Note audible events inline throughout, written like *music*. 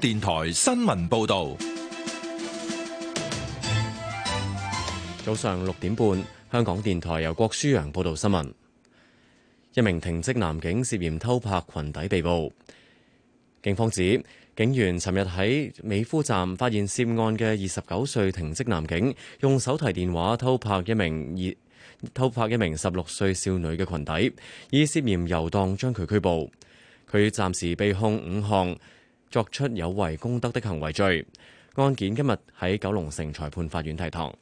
電台新聞報道：早上六點半，香港電台由郭舒陽報道新聞。一名停職男警涉嫌偷拍裙底被捕，警方指警員尋日喺美孚站發現涉案嘅二十九歲停職男警，用手提電話偷拍一名二偷拍一名十六歲少女嘅裙底，以涉嫌遊蕩將佢拘捕。佢暫時被控五項。作出有違公德的行為罪案件，今日喺九龍城裁判法院提堂。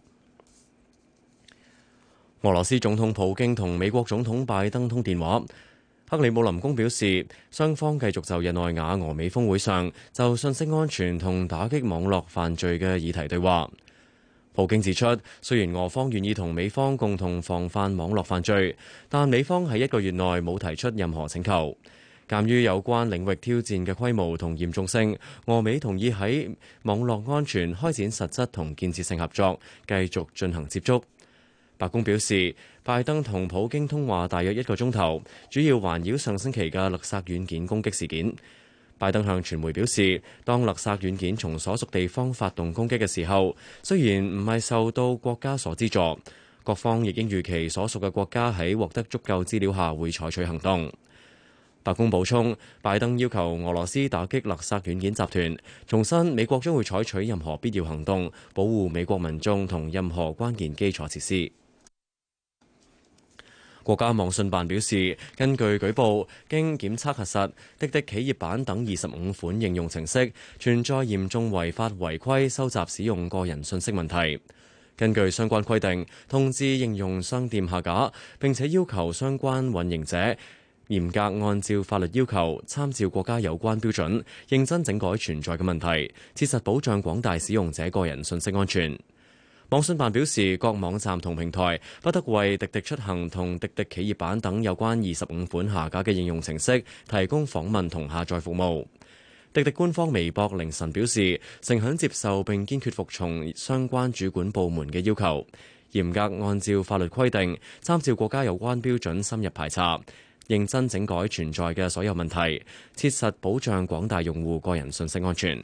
俄羅斯總統普京同美國總統拜登通電話，克里姆林宮表示，雙方繼續就日內瓦俄美峰會上就信息安全同打擊網絡犯罪嘅議題對話。普京指出，雖然俄方願意同美方共同防範網絡犯罪，但美方喺一個月內冇提出任何請求。鑒於有關領域挑戰嘅規模同嚴重性，俄美同意喺網絡安全開展實質同建設性合作，繼續進行接觸。白宮表示，拜登同普京通話大約一個鐘頭，主要環繞上星期嘅勒索軟件攻擊事件。拜登向傳媒表示，當勒索軟件從所屬地方發動攻擊嘅時候，雖然唔係受到國家所資助，各方亦應預期所屬嘅國家喺獲得足夠資料下會採取行動。白宮補充，拜登要求俄羅斯打擊勒索軟件集團，重申美國將會採取任何必要行動，保護美國民眾同任何關鍵基礎設施。國家網信辦表示，根據舉報，經檢測核實，滴滴企業版等二十五款應用程式存在嚴重違法違規收集使用個人信息問題。根據相關規定，通知應用商店下架，並且要求相關運營者，嚴格按照法律要求，參照國家有關標準，認真整改存在嘅問題，切實保障廣大使用者個人信息安全。網信辦表示，各網站同平台不得為滴滴出行同滴滴企業版等有關二十五款下架嘅應用程式提供訪問同下載服務。滴滴官方微博凌晨表示，誠懇接受並堅決服從相關主管部門嘅要求，嚴格按照法律規定，參照國家有關標準，深入排查。認真整改存在嘅所有問題，切實保障廣大用戶個人信息安全。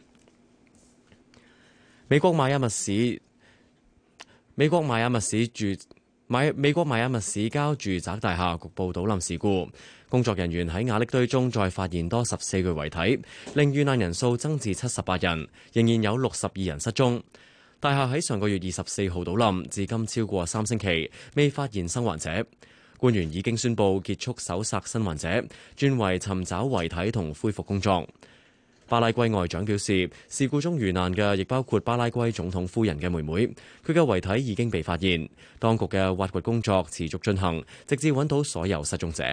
美國邁阿密市，美國邁阿密市住美國邁阿密市郊住宅大廈局部倒冧事故，工作人員喺瓦礫堆中再發現多十四具遺體，令遇難人數增至七十八人，仍然有六十二人失蹤。大廈喺上個月二十四號倒冧，至今超過三星期，未發現生還者。官員已經宣佈結束搜救生還者，轉為尋找遺體同恢復工作。巴拉圭外長表示，事故中遇難嘅亦包括巴拉圭總統夫人嘅妹妹，佢嘅遺體已經被發現，當局嘅挖掘工作持續進行，直至揾到所有失蹤者。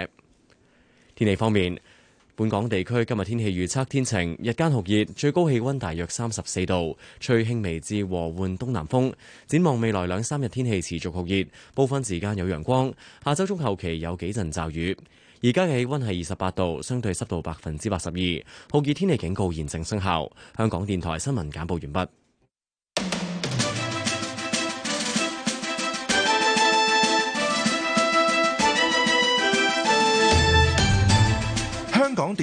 天氣方面。本港地區今日天氣預測天晴，日間酷熱，最高氣温大約三十四度，吹輕微至和緩東南風。展望未來兩三日天氣持續酷熱，部分時間有陽光。下周中後期有幾陣驟雨。而家嘅氣温係二十八度，相對濕度百分之八十二，酷熱天氣警告現正生效。香港電台新聞簡報完畢。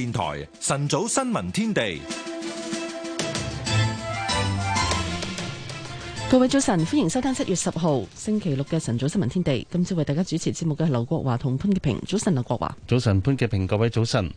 電台晨早新聞天地，各位早晨，歡迎收聽七月十號星期六嘅晨早新聞天地。今次為大家主持節目嘅係劉國華同潘潔平。早晨，劉國華，早晨，潘潔平。各位早晨。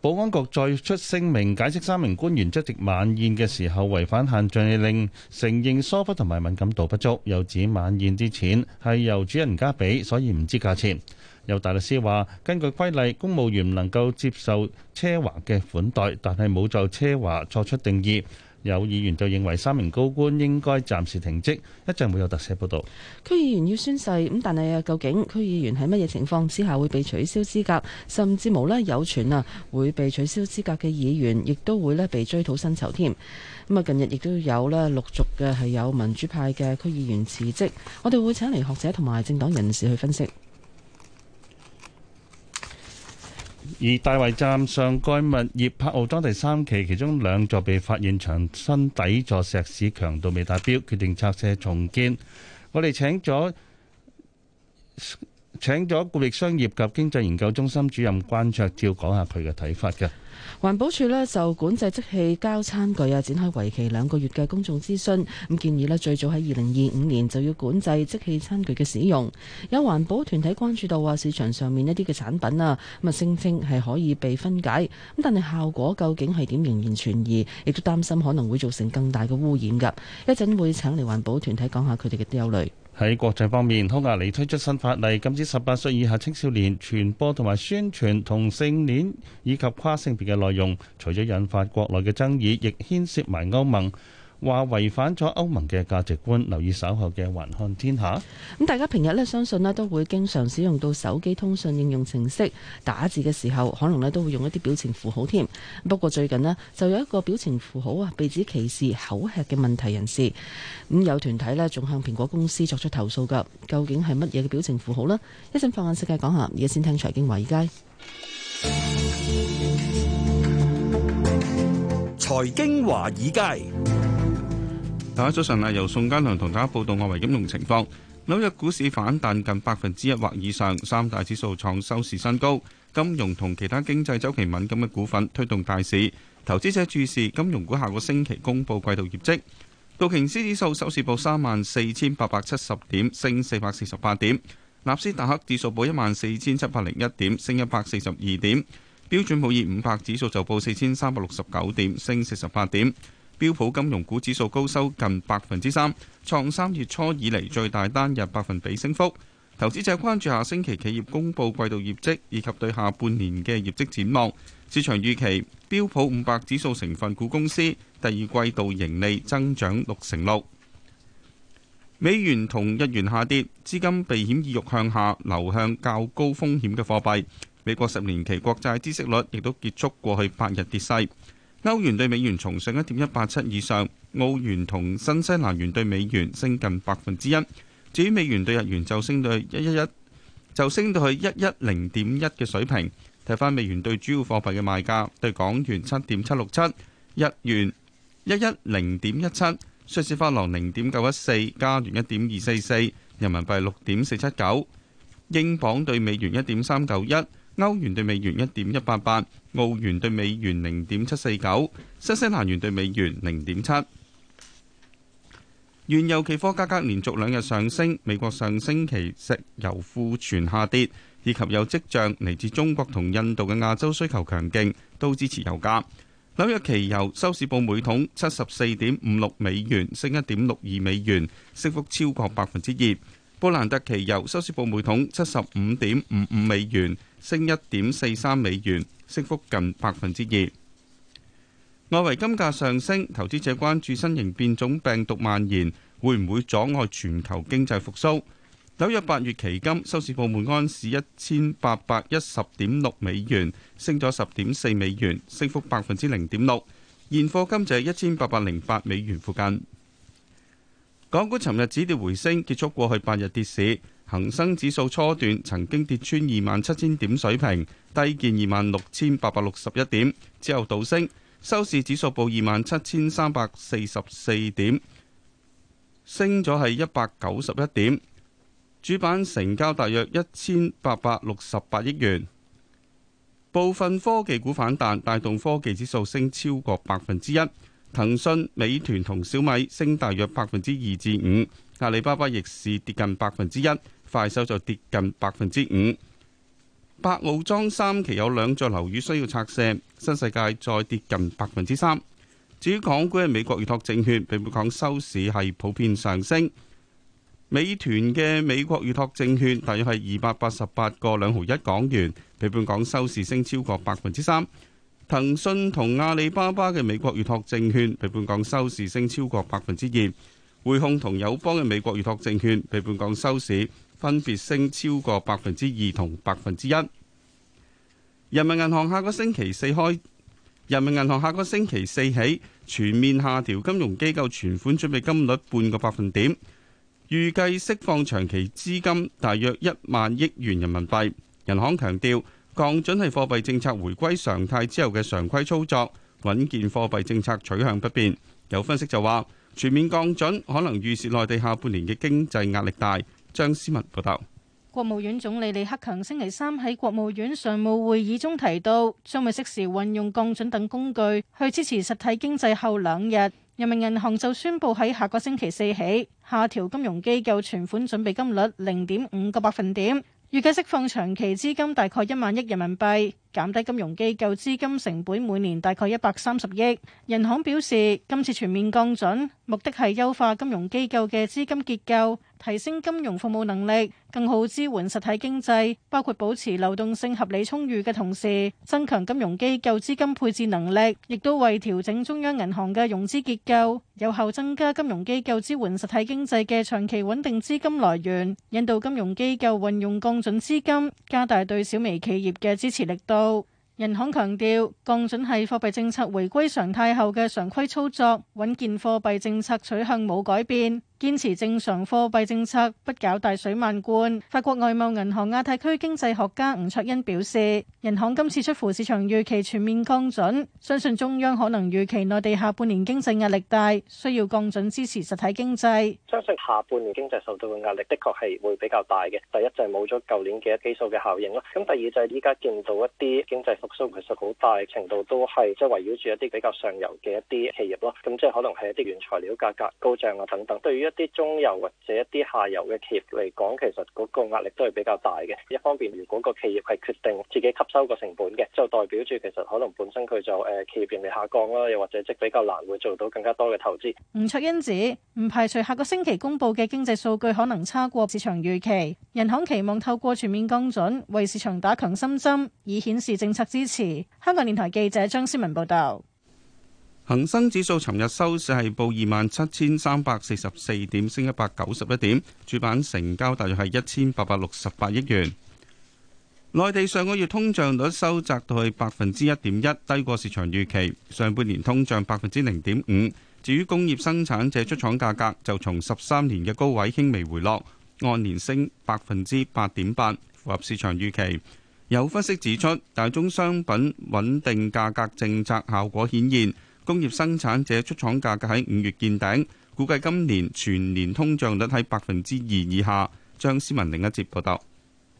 保安局再出聲明解釋三名官員出席晚宴嘅時候違反限聚令，承認疏忽同埋敏感度不足。又指晚宴啲錢係由主人家俾，所以唔知價錢。有大律師話：根據規例，公務員唔能夠接受奢華嘅款待，但係冇就奢華作出定義。有議員就認為三名高官應該暫時停職。一陣會有特寫報道。區議員要宣誓咁，但係究竟區議員喺乜嘢情況之下會被取消資格，甚至無呢有傳啊會被取消資格嘅議員，亦都會呢被追討薪酬添。咁啊，近日亦都有呢陸續嘅係有民主派嘅區議員辭職。我哋會請嚟學者同埋政黨人士去分析。而大圍站上蓋物業柏傲莊第三期，其中兩座被發現牆身底座石屎強度未達標，決定拆卸重建。我哋請咗請咗顧域商業及經濟研究中心主任關卓照講下佢嘅睇法嘅。環保署咧，就管制即棄膠餐具啊，展開為期兩個月嘅公眾諮詢。咁建議咧，最早喺二零二五年就要管制即棄餐具嘅使用。有環保團體關注到話，市場上面一啲嘅產品啊，咁聲稱係可以被分解，咁但係效果究竟係點，仍然存疑，亦都擔心可能會造成更大嘅污染噶。一陣會請嚟環保團體講下佢哋嘅憂慮。喺國際方面，匈牙利推出新法例，禁止十八歲以下青少年傳播同埋宣傳同性戀以及跨性別嘅內容，除咗引發國內嘅爭議，亦牽涉埋歐盟。話違反咗歐盟嘅價值觀。留意稍後嘅《橫看天下》。咁大家平日咧，相信咧都會經常使用到手機通訊應用程式打字嘅時候，可能咧都會用一啲表情符號添。不過最近咧，就有一個表情符號啊，被指歧視口吃嘅問題人士。咁有團體咧，仲向蘋果公司作出投訴㗎。究竟係乜嘢嘅表情符號呢？一陣放眼世界講下，而家先聽財經華爾街。財經華爾街。大家早晨啊！由宋嘉良同大家報道外圍金融情況。紐約股市反彈近百分之一或以上，三大指數創收市新高。金融同其他經濟周期敏感嘅股份推動大市。投資者注視金融股下個星期公布季度業績。道瓊斯指數收市報三萬四千八百七十點，升四百四十八點。納斯達克指數報一萬四千七百零一點，升一百四十二點。標準普爾五百指數就報四千三百六十九點，升四十八點。標普金融股指數，高收近百分之三，創三月初以嚟，最大單日百分比升幅。投資者關注下星期企業公布季度業績以及對下半年嘅業績展望。市場預期標普五百指數成分股公司第二季度盈利增長六成六。美元同日元下跌，資金避險意欲向下，流向較高風險嘅貨幣。美國十年期國債孳息率亦都結束過去八日跌勢。歐元對美元重上一點一八七以上，澳元同新西蘭元對美元升近百分之一。至於美元對日元就升到去一一一，就升到去一一零點一嘅水平。睇翻美元對主要貨幣嘅賣價，對港元七點七六七，日元一一零點一七，瑞士法郎零點九一四，加元一點二四四，人民幣六點四七九，英鎊對美元一點三九一，歐元對美元一點一八八。澳元兌美元零點七四九，新西蘭元兌美元零點七。原油期貨價格連續兩日上升，美國上星期石油庫存下跌，以及有跡象嚟自中國同印度嘅亞洲需求強勁，都支持油價。紐約期油收市報每桶七十四點五六美元，升一點六二美元，升幅超過百分之二。布蘭特期油收市報每桶七十五點五五美元。1> 升一點四三美元，升幅近百分之二。外圍金價上升，投資者關注新型變種病毒蔓延會唔會阻礙全球經濟復蘇。紐約八月期金收市報每安市一千八百一十點六美元，升咗十點四美元，升幅百分之零點六。現貨金就一千八百零八美元附近。港股尋日止跌回升，結束過去八日跌市。恒生指數初段曾經跌穿二萬七千點水平，低見二萬六千八百六十一點，之後倒升，收市指數報二萬七千三百四十四點，升咗係一百九十一點。主板成交大約一千八百六十八億元，部分科技股反彈帶動科技指數升超過百分之一，騰訊、美團同小米升大約百分之二至五，阿里巴巴逆市跌近百分之一。快收就跌近百分之五，柏傲莊三期有兩座樓宇需要拆卸，新世界再跌近百分之三。至於港股嘅美國預託證券，比港股收市係普遍上升。美團嘅美國預託證券，大約係二百八十八個兩毫一港元，比港股收市升超過百分之三。騰訊同阿里巴巴嘅美國預託證券，比港股收市升超過百分之二。匯控同友邦嘅美國預託證券，比港股收市，分別升超過百分之二同百分之一。人民銀行下個星期四開，人民銀行下個星期四起全面下調金融機構存款準備金率半個百分點，預計釋放長期資金大約一萬億元人民幣。人行強調降準係貨幣政策回歸常態之後嘅常規操作，穩健貨幣政策取向不變。有分析就話全面降準可能預示內地下半年嘅經濟壓力大。張思文報道，國務院總理李克強星期三喺國務院常務會議中提到，將會適時運用降準等工具去支持實體經濟。後兩日，人民銀行就宣布喺下個星期四起，下調金融機構存款準備金率零點五個百分點，預計釋放長期資金大概一萬億人民幣。減低金融機構資金成本每年大概一百三十億。銀行表示今次全面降準目的係優化金融機構嘅資金結構，提升金融服務能力，更好支援實體經濟，包括保持流動性合理充裕嘅同時增強金融機構資金配置能力，亦都為調整中央銀行嘅融資結構，有效增加金融機構支援實體經濟嘅長期穩定資金來源，引導金融機構運用降準資金加大對小微企業嘅支持力度，多人行強調降準係貨幣政策回歸常態後嘅常規操作，穩健貨幣政策取向冇改變。堅持正常貨幣政策，不搞大水漫灌。法國外貿銀行亞太區經濟學家吳卓恩表示，銀行今次出乎市場預期全面降準，相信中央可能預期內地下半年經濟壓力大，需要降準支持實體經濟。相信下半年經濟受到嘅壓力的確係會比較大嘅。第一就係冇咗舊年嘅基數嘅效應咯。咁第二就係依家見到一啲經濟復甦其實好大程度都係即係圍繞住一啲比較上游嘅一啲企業咯。咁即係可能係一啲原材料價格高漲啊等等。對於一啲中游或者一啲下游嘅企業嚟講，其實嗰個壓力都係比較大嘅。一方面，如果個企業係決定自己吸收個成本嘅，就代表住其實可能本身佢就誒、呃、企業盈利下降啦，又或者即比較難會做到更加多嘅投資。吳卓恩指，唔排除下個星期公布嘅經濟數據可能差過市場預期。人行期望透過全面降準為市場打強心針，以顯示政策支持。香港電台記者張思文報道。恆生指數尋日收市係報二萬七千三百四十四點，升一百九十一點。主板成交大約係一千八百六十八億元。內地上個月通脹率收窄到去百分之一點一，低過市場預期。上半年通脹百分之零點五。至於工業生產者出廠價格就從十三年嘅高位輕微回落，按年升百分之八點八，符合市場預期。有分析指出，大宗商品穩定價格政策效果顯現。工業生產者出廠價格喺五月見頂，估計今年全年通脹率喺百分之二以下。張思文。另一節報道，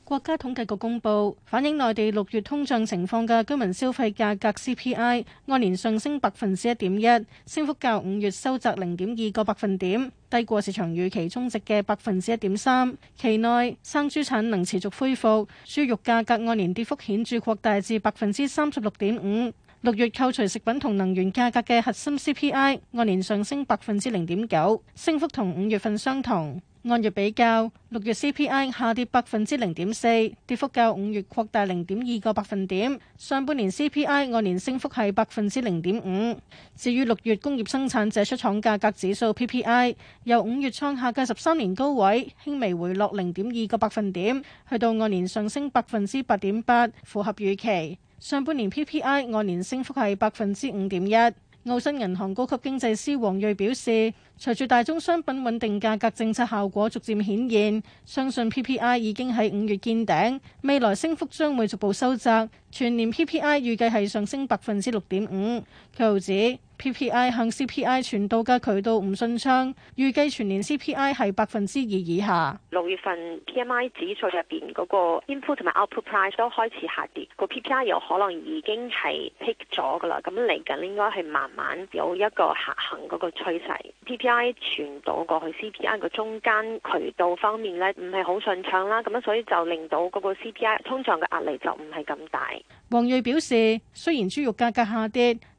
國家統計局公布反映內地六月通脹情況嘅居民消費價格 CPI 按年上升百分之一點一，升幅較五月收窄零點二個百分點，低過市場預期中值嘅百分之一點三。期內生豬產能持續恢復，豬肉價格按年跌幅顯著擴大至百分之三十六點五。六月扣除食品同能源價格嘅核心 CPI 按年上升百分之零點九，升幅同五月份相同。按月比較，六月 CPI 下跌百分之零點四，跌幅較五月擴大零點二個百分點。上半年 CPI 按年升幅係百分之零點五。至於六月工業生產者出廠價格指數 PPI，由五月創下嘅十三年高位，輕微回落零點二個百分點，去到按年上升百分之八點八，符合預期。上半年 PPI 按年升幅係百分之五點一，澳新銀行高級經濟師王瑞表示，隨住大宗商品穩定價格政策效果逐漸顯現，相信 PPI 已經喺五月見頂，未來升幅將會逐步收窄，全年 PPI 預計係上升百分之六點五。佢又指。PPI 向 CPI 傳導嘅渠道唔順暢，預計全年 CPI 係百分之二以下。六月份 PMI 指數入邊嗰個 input 同埋 output price 都開始下跌，個 PPI 又可能已經係 peak 咗噶啦。咁嚟緊應該係慢慢有一個下行嗰個趨勢。PPI 傳導過去 CPI 嘅中間渠道方面咧，唔係好順暢啦。咁樣所以就令到嗰個 CPI 通脹嘅壓力就唔係咁大。黃瑞表示，雖然豬肉價格下跌。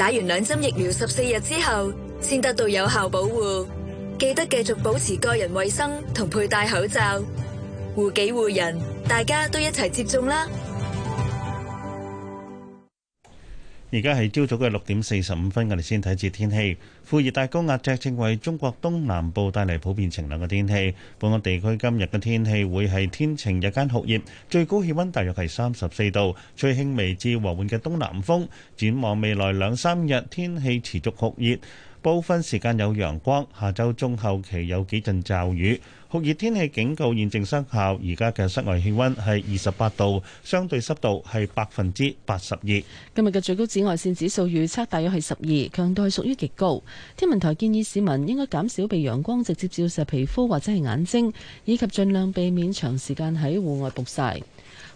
打完兩針疫苗十四日之後，先得到有效保護。記得繼續保持個人衛生同佩戴口罩，護己護人，大家都一齊接種啦。而家係朝早嘅六點四十五分，我哋先睇次天氣。副熱帶高壓脊正為中國東南部帶嚟普遍晴朗嘅天氣。本港地區今日嘅天氣會係天晴，日間酷熱，最高氣温大約係三十四度，吹輕微至和緩嘅東南風。展望未來兩三日天氣持續酷熱，部分時間有陽光，下周中後期有幾陣驟雨。酷熱天氣警告現正生效，而家嘅室外氣溫係二十八度，相對濕度係百分之八十二。今日嘅最高紫外線指數預測大約係十二，強度係屬於極高。天文台建議市民應該減少被陽光直接照射皮膚或者係眼睛，以及盡量避免長時間喺戶外曝曬。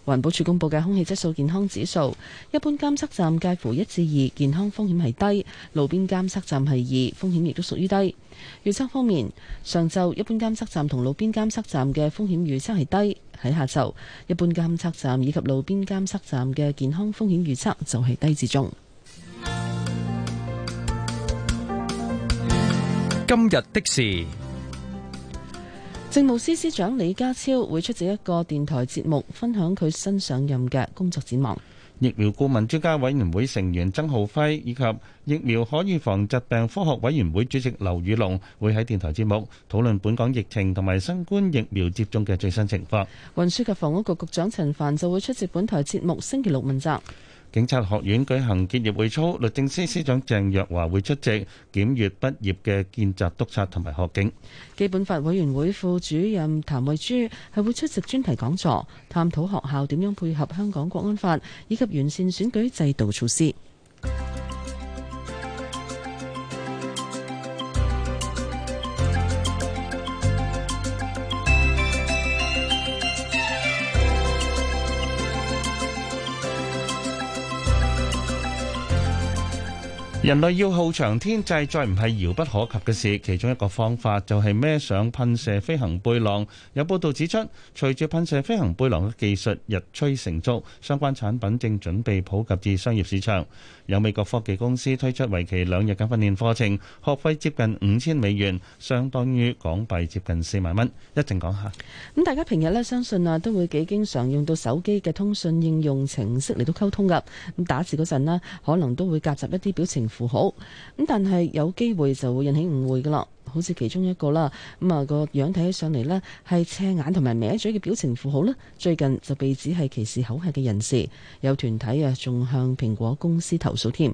環保署公布嘅空氣質素健康指數，一般監測站介乎一至二，健康風險係低；路邊監測站係二，風險亦都屬於低。預測方面，上晝一般監測站同路邊監測站嘅風險預測係低；喺下晝，一般監測站以及路邊監測站嘅健康風險預測就係低至中。今日嘅事。政務司司長李家超會出席一個電台節目，分享佢新上任嘅工作展望。疫苗顧問專家委員會成員曾浩輝以及疫苗可預防疾病科學委員會主席劉宇龍會喺電台節目討論本港疫情同埋新冠疫苗接種嘅最新情況。運輸及房屋局局長陳帆就會出席本台節目星期六問責。警察學院舉行結業會操，律政司司長鄭若驊會出席檢閱畢業嘅見習督察同埋學警。基本法委員會副主任譚惠珠係會出席專題講座，探討學校點樣配合香港國安法以及完善選舉制度措施。人類要浩長天際，再唔係遙不可及嘅事。其中一個方法就係孭上噴射飛行背囊。有報道指出，隨住噴射飛行背囊嘅技術日趨成熟，相關產品正準備普及至商業市場。有美國科技公司推出為期兩日嘅訓練課程，學費接近五千美元，相當於港幣接近四萬蚊。一陣講下，咁大家平日咧，相信啊，都會幾經常用到手機嘅通訊應用程式嚟到溝通㗎。咁打字嗰陣咧，可能都會夾雜一啲表情。符號咁，但係有機會就會引起誤會噶啦，好似其中一個啦，咁啊個樣睇起上嚟呢，係斜眼同埋歪嘴嘅表情符號呢，最近就被指係歧視口吃嘅人士，有團體啊仲向蘋果公司投訴添。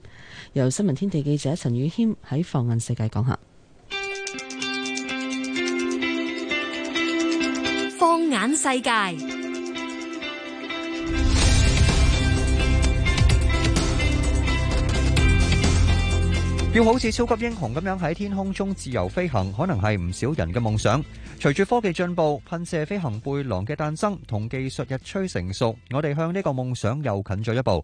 由新聞天地記者陳宇謙喺放眼世界講下，放眼世界。要好似超級英雄咁樣喺天空中自由飛行，可能係唔少人嘅夢想。隨住科技進步，噴射飛行背囊嘅誕生同技術日趨成熟，我哋向呢個夢想又近咗一步。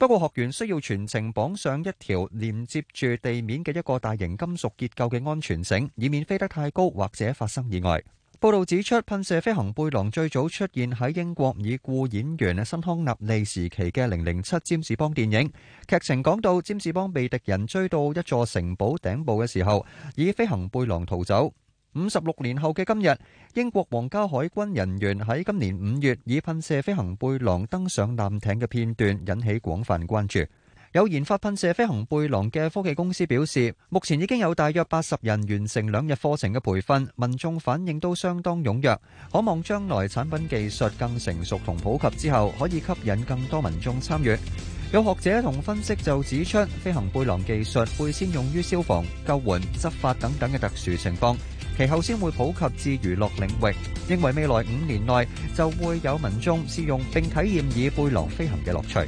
不過，學員需要全程綁上一條連接住地面嘅一個大型金屬結構嘅安全繩，以免飛得太高或者發生意外。報道指出，噴射飛行背囊最早出現喺英國以故演員辛康納利時期嘅《零零七》占士邦電影，劇情講到，占士邦被敵人追到一座城堡頂部嘅時候，以飛行背囊逃走。五十六年後嘅今日，英國皇家海軍人員喺今年五月以噴射飛行背囊登上艦艇嘅片段引起廣泛關注。有研發噴射飛行背囊嘅科技公司表示，目前已經有大約八十人完成兩日課程嘅培訓，民眾反應都相當踴躍，可望將來產品技術更成熟同普及之後，可以吸引更多民眾參與。有學者同分析就指出，飛行背囊技術會先用於消防、救援、執法等等嘅特殊情況。其後先會普及至娛樂領域，認為未來五年內就會有民眾試用並體驗以背囊飛行嘅樂趣。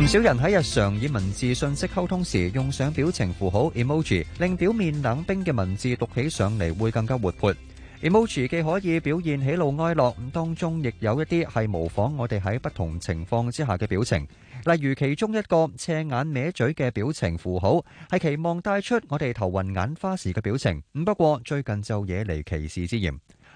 唔 *music* 少人喺日常以文字信息溝通時，用上表情符號 emoji，令表面冷冰嘅文字讀起上嚟會更加活潑。emoji 既可以表現喜怒哀樂，咁當中亦有一啲係模仿我哋喺不同情況之下嘅表情，例如其中一個斜眼歪嘴嘅表情符號，係期望帶出我哋頭暈眼花時嘅表情。咁不過最近就惹嚟歧視之嫌。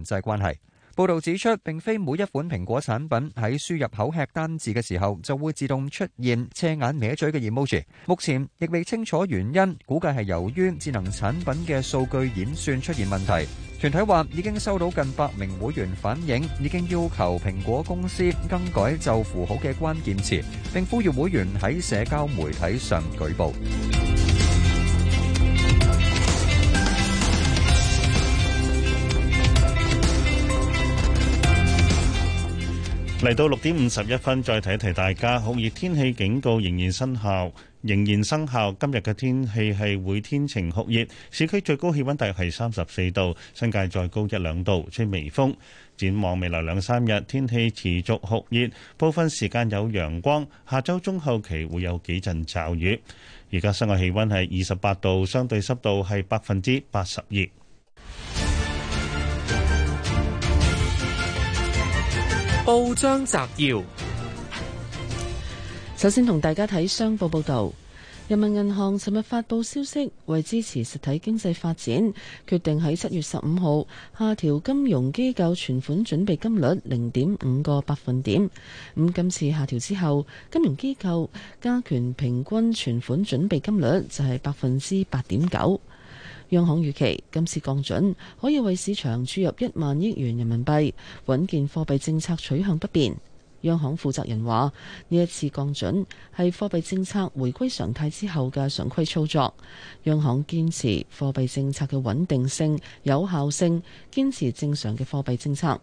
人際關係報道指出，並非每一款蘋果產品喺輸入口吃單字嘅時候就會自動出現斜眼歪嘴嘅 emoji。目前亦未清楚原因，估計係由於智能產品嘅數據演算出現問題。團體話已經收到近百名會員反映，已經要求蘋果公司更改就符號嘅關鍵詞，並呼籲會員喺社交媒體上舉報。嚟到六點五十一分，再提一提大家酷熱天氣警告仍然生效，仍然生效。今日嘅天氣係會天晴酷熱，市區最高氣溫大約係三十四度，新界再高一兩度，吹微風。展望未來兩三日天氣持續酷熱，部分時間有陽光。下周中後期會有幾陣驟雨。而家室外氣溫係二十八度，相對濕度係百分之八十二。報章摘要，首先同大家睇，商報報道。人民銀行尋日發佈消息，為支持實體經濟發展，決定喺七月十五號下調金融機構存款準備金率零點五個百分點。咁今次下調之後，金融機構加權平均存款準備金率就係百分之八點九。央行預期今次降準可以為市場注入一萬億元人民幣，穩健貨幣政策取向不變。央行負責人話：呢一次降準係貨幣政策回歸常態之後嘅常規操作。央行堅持貨幣政策嘅穩定性、有效性，堅持正常嘅貨幣政策。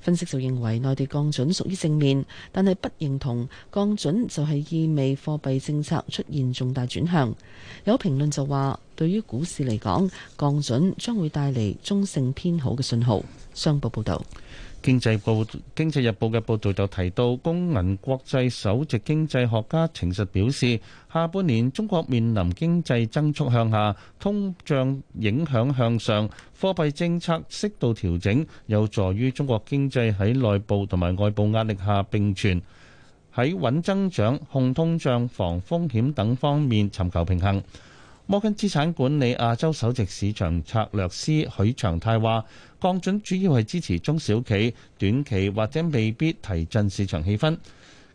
分析就認為內地降準屬於正面，但係不認同降準就係意味貨幣政策出現重大轉向。有評論就話，對於股市嚟講，降準將會帶嚟中性偏好嘅信號。商報報道。經濟報、經濟日報嘅報道就提到，工銀國際首席經濟學家程實表示，下半年中國面臨經濟增速向下、通脹影響向上、貨幣政策適度調整，有助於中國經濟喺內部同埋外部壓力下並存，喺穩增長、控通脹、防風險等方面尋求平衡。摩根資產管理亞洲首席市場策略師許長泰話，降準主要係支持中小企，短期或者未必提振市場氣氛。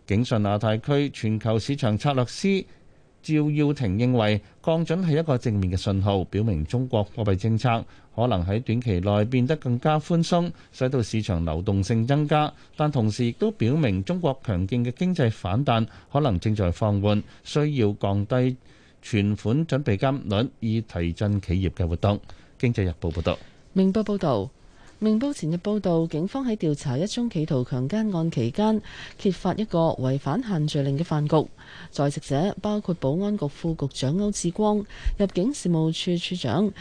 景順亞太區全球市場策略師趙耀庭認為降準係一個正面嘅信號，表明中國貨幣政策可能喺短期內變得更加寬鬆，使到市場流動性增加。但同時亦都表明中國強勁嘅經濟反彈可能正在放緩，需要降低。存款準備金率以提振企業嘅活動。經濟日報報道。明報報導，明報前日報道，警方喺調查一宗企圖強姦案期間，揭發一個違反限聚令嘅飯局，在席者包括保安局副局長歐志光、入境事務處處處長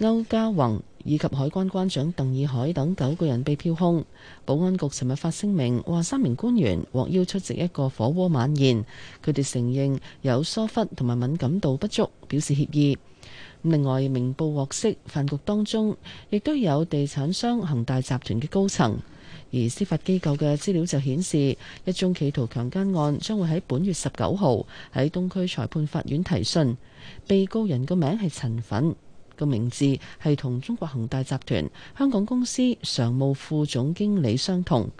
歐家宏。以及海關關長鄧以海等九個人被票控。保安局尋日發聲明話，三名官員獲邀出席一個火鍋晚宴，佢哋承認有疏忽同埋敏感度不足，表示歉意。另外，明報獲悉飯局當中亦都有地產商恒大集團嘅高層。而司法機構嘅資料就顯示，一宗企圖強奸案將會喺本月十九號喺東區裁判法院提訊，被告人個名係陳粉。個名字係同中國恒大集團香港公司常務副總經理相同。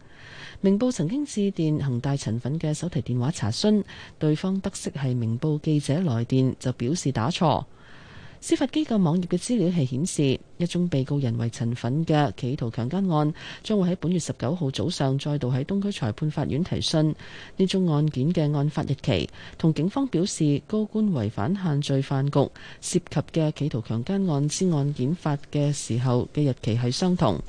明報曾經致電恒大陳粉嘅手提電話查詢，對方得悉係明報記者來電，就表示打錯。司法機構網頁嘅資料係顯示，一宗被告人為陳粉嘅企圖強姦案，將會喺本月十九號早上再度喺東區裁判法院提訊。呢宗案件嘅案發日期同警方表示高官違反限聚飯局涉及嘅企圖強姦案之案件發嘅時候嘅日期係相同。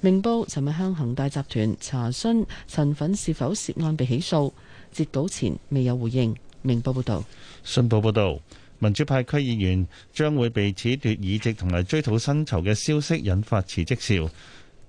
明報尋日向恒大集團查詢陳粉是否涉案被起訴，截稿前未有回應。明報報道。信報報道。民主派區議員將會被褫奪議席同埋追討薪酬嘅消息引發辭職潮，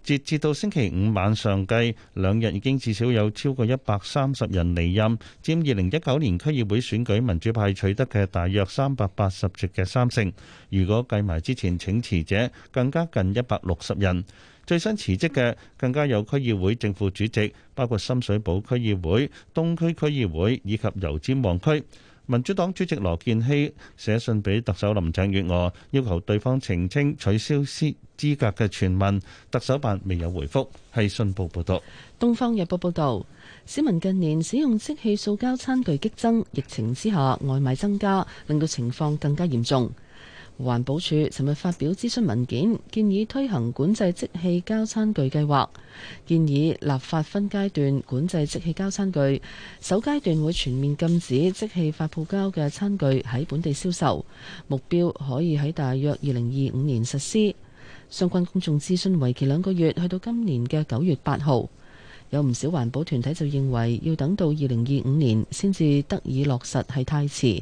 截至到星期五晚上計，兩日已經至少有超過一百三十人離任，佔二零一九年區議會選舉民主派取得嘅大約三百八十席嘅三成。如果計埋之前請辭者，更加近一百六十人。最新辭職嘅更加有區議會正副主席，包括深水埗區議會、東區區議會以及油尖旺區。民主黨主席羅健熙寫信俾特首林鄭月娥，要求對方澄清取消資格嘅傳聞。特首辦未有回覆。係信報報道，《東方日報》報道，市民近年使用即棄塑膠餐具激增，疫情之下外賣增加，令到情況更加嚴重。環保署尋日發表諮詢文件，建議推行管制即棄膠餐具計劃，建議立法分階段管制即棄膠餐具。首階段會全面禁止即棄發泡膠嘅餐具喺本地銷售，目標可以喺大約二零二五年實施。相關公眾諮詢為期兩個月，去到今年嘅九月八號。有唔少環保團體就認為要等到二零二五年先至得以落實係太遲，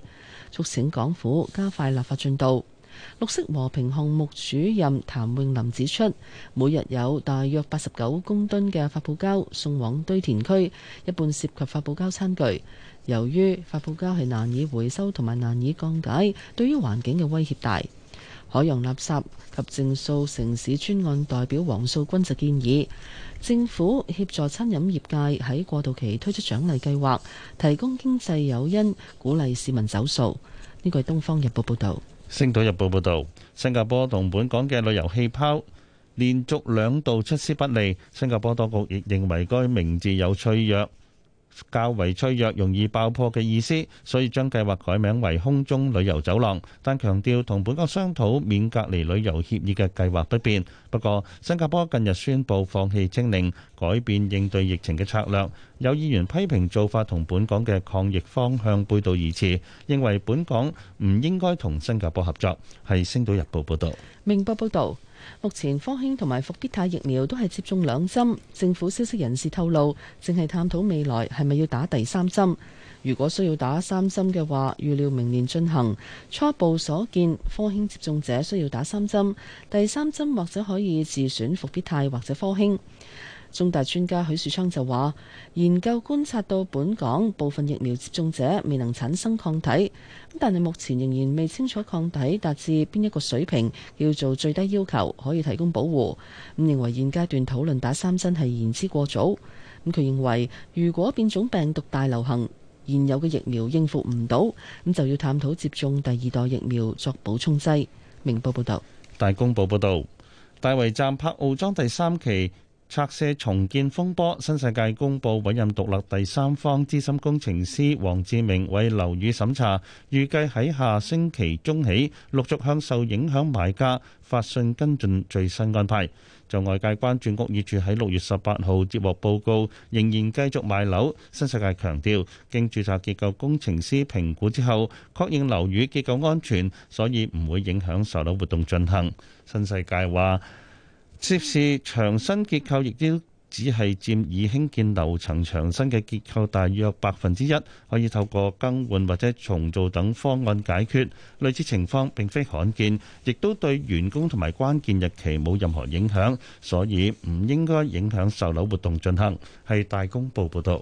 促請港府加快立法進度。綠色和平項目主任譚穎琳指出，每日有大約八十九公噸嘅發泡膠送往堆填區，一半涉及發泡膠餐具。由於發泡膠係難以回收同埋難以降解，對於環境嘅威脅大。海洋垃圾及淨塑城市專案代表黃素君就建議，政府協助餐飲業界喺過渡期推出獎勵計劃，提供經濟誘因，鼓勵市民走塑。呢個係《東方日報》報導。星島日報報道，新加坡同本港嘅旅遊氣泡連續兩度出師不利，新加坡當局亦認為該名字有脆弱，較為脆弱、容易爆破嘅意思，所以將計劃改名為空中旅遊走廊，但強調同本港商討免隔離旅遊協議嘅計劃不變。不過，新加坡近日宣布放棄清零，改變應對疫情嘅策略。有議員批評做法同本港嘅抗疫方向背道而馳，認為本港唔應該同新加坡合作。係《星島日報》報道。明報報道。目前科興同埋復必泰疫苗都係接種兩針，政府消息人士透露，正係探討未來係咪要打第三針。如果需要打三針嘅話，預料明年進行。初步所見，科興接種者需要打三針，第三針或者可以自選復必泰或者科興。中大專家許樹昌就話：研究觀察到本港部分疫苗接種者未能產生抗體，但係目前仍然未清楚抗體達至邊一個水平叫做最低要求可以提供保護。咁認為現階段討論打三針係言之過早。咁佢認為，如果變種病毒大流行，現有嘅疫苗應付唔到，咁就要探討接種第二代疫苗作補充劑。明報報道。大公報報道，大圍站柏傲莊第三期。拆卸重建風波，新世界公佈委任獨立第三方資深工程師黃志明為樓宇審查，預計喺下星期中起陸續向受影響買家發信跟進最新安排。就外界關注屋宇署喺六月十八號接獲報告，仍然繼續賣樓，新世界強調經註冊結構工程師評估之後，確認樓宇結構安全，所以唔會影響售樓活動進行。新世界話。涉事牆身結構亦都只係佔已興建樓層牆身嘅結構大約百分之一，可以透過更換或者重造等方案解決。類似情況並非罕見，亦都對員工同埋關鍵日期冇任何影響，所以唔應該影響售樓活動進行。係大公報報導。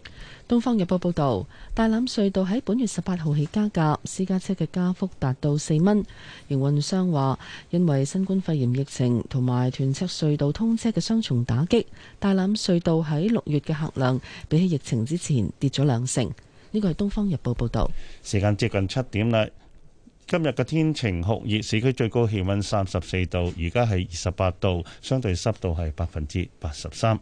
《東方日報》報道，大欖隧道喺本月十八號起加價，私家車嘅加幅達到四蚊。營運商話，因為新冠肺炎疫情同埋屯赤隧道通車嘅雙重打擊，大欖隧道喺六月嘅客量比起疫情之前跌咗兩成。呢個係《東方日報》報道。時間接近七點啦，今日嘅天晴酷熱，市區最高氣溫三十四度，而家係二十八度，相對濕度係百分之八十三。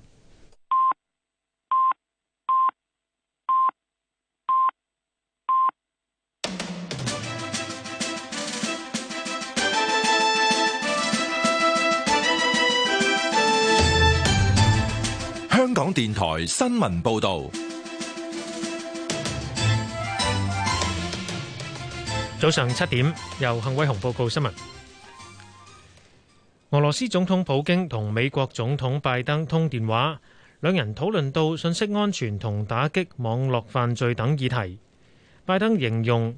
香港電台新聞報道，早上七點，由幸偉雄報告新聞。俄羅斯總統普京同美國總統拜登通電話，兩人討論到信息安全同打擊網絡犯罪等議題。拜登形容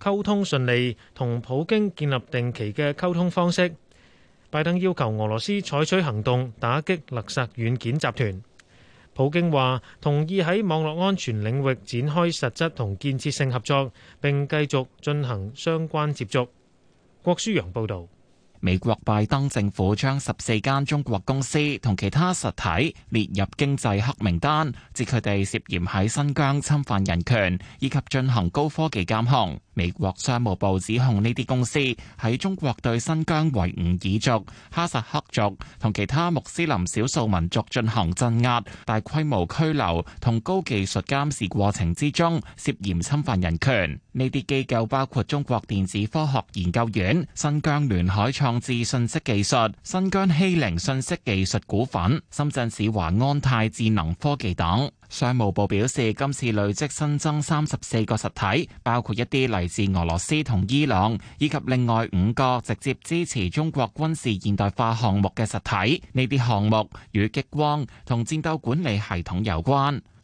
溝通順利，同普京建立定期嘅溝通方式。拜登要求俄羅斯採取行動打擊勒索軟件集團。普京話同意喺網絡安全領域展開實質同建設性合作，並繼續進行相關接觸。郭舒揚報道，美國拜登政府將十四間中國公司同其他實體列入經濟黑名單，指佢哋涉嫌喺新疆侵犯人權以及進行高科技監控。美國商務部指控呢啲公司喺中國對新疆維吾爾族、哈薩克族同其他穆斯林少數民族進行鎮壓、大規模拘留同高技術監視過程之中，涉嫌侵犯人權。呢啲機構包括中國電子科學研究院、新疆聯海創智信息技術、新疆欺凌信息技術股份、深圳市華安泰智能科技等。商務部表示，今次累積新增三十四個實體，包括一啲嚟自俄羅斯同伊朗，以及另外五個直接支持中國軍事現代化項目嘅實體。呢啲項目與激光同戰鬥管理系統有關。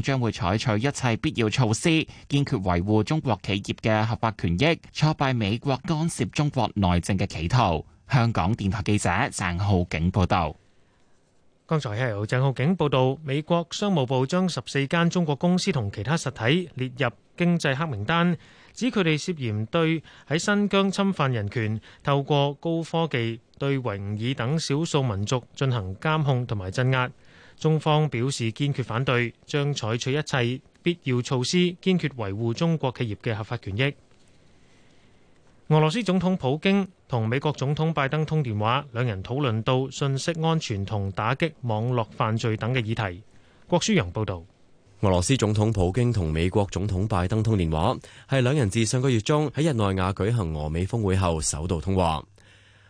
將會採取一切必要措施，堅決維護中國企業嘅合法權益，挫敗美國干涉中國內政嘅企圖。香港電台記者鄭浩景報道。剛才係由鄭浩景報道，美國商務部將十四間中國公司同其他實體列入經濟黑名單，指佢哋涉嫌對喺新疆侵犯人權，透過高科技對維吾爾等少數民族進行監控同埋鎮壓。中方表示堅決反對，將採取一切必要措施，堅決維護中國企業嘅合法權益。俄羅斯總統普京同美國總統拜登通電話，兩人討論到信息安全同打擊網絡犯罪等嘅議題。郭書陽報道。俄羅斯總統普京同美國總統拜登通電話，係兩人自上個月中喺日內瓦舉行俄美峰會後首度通話。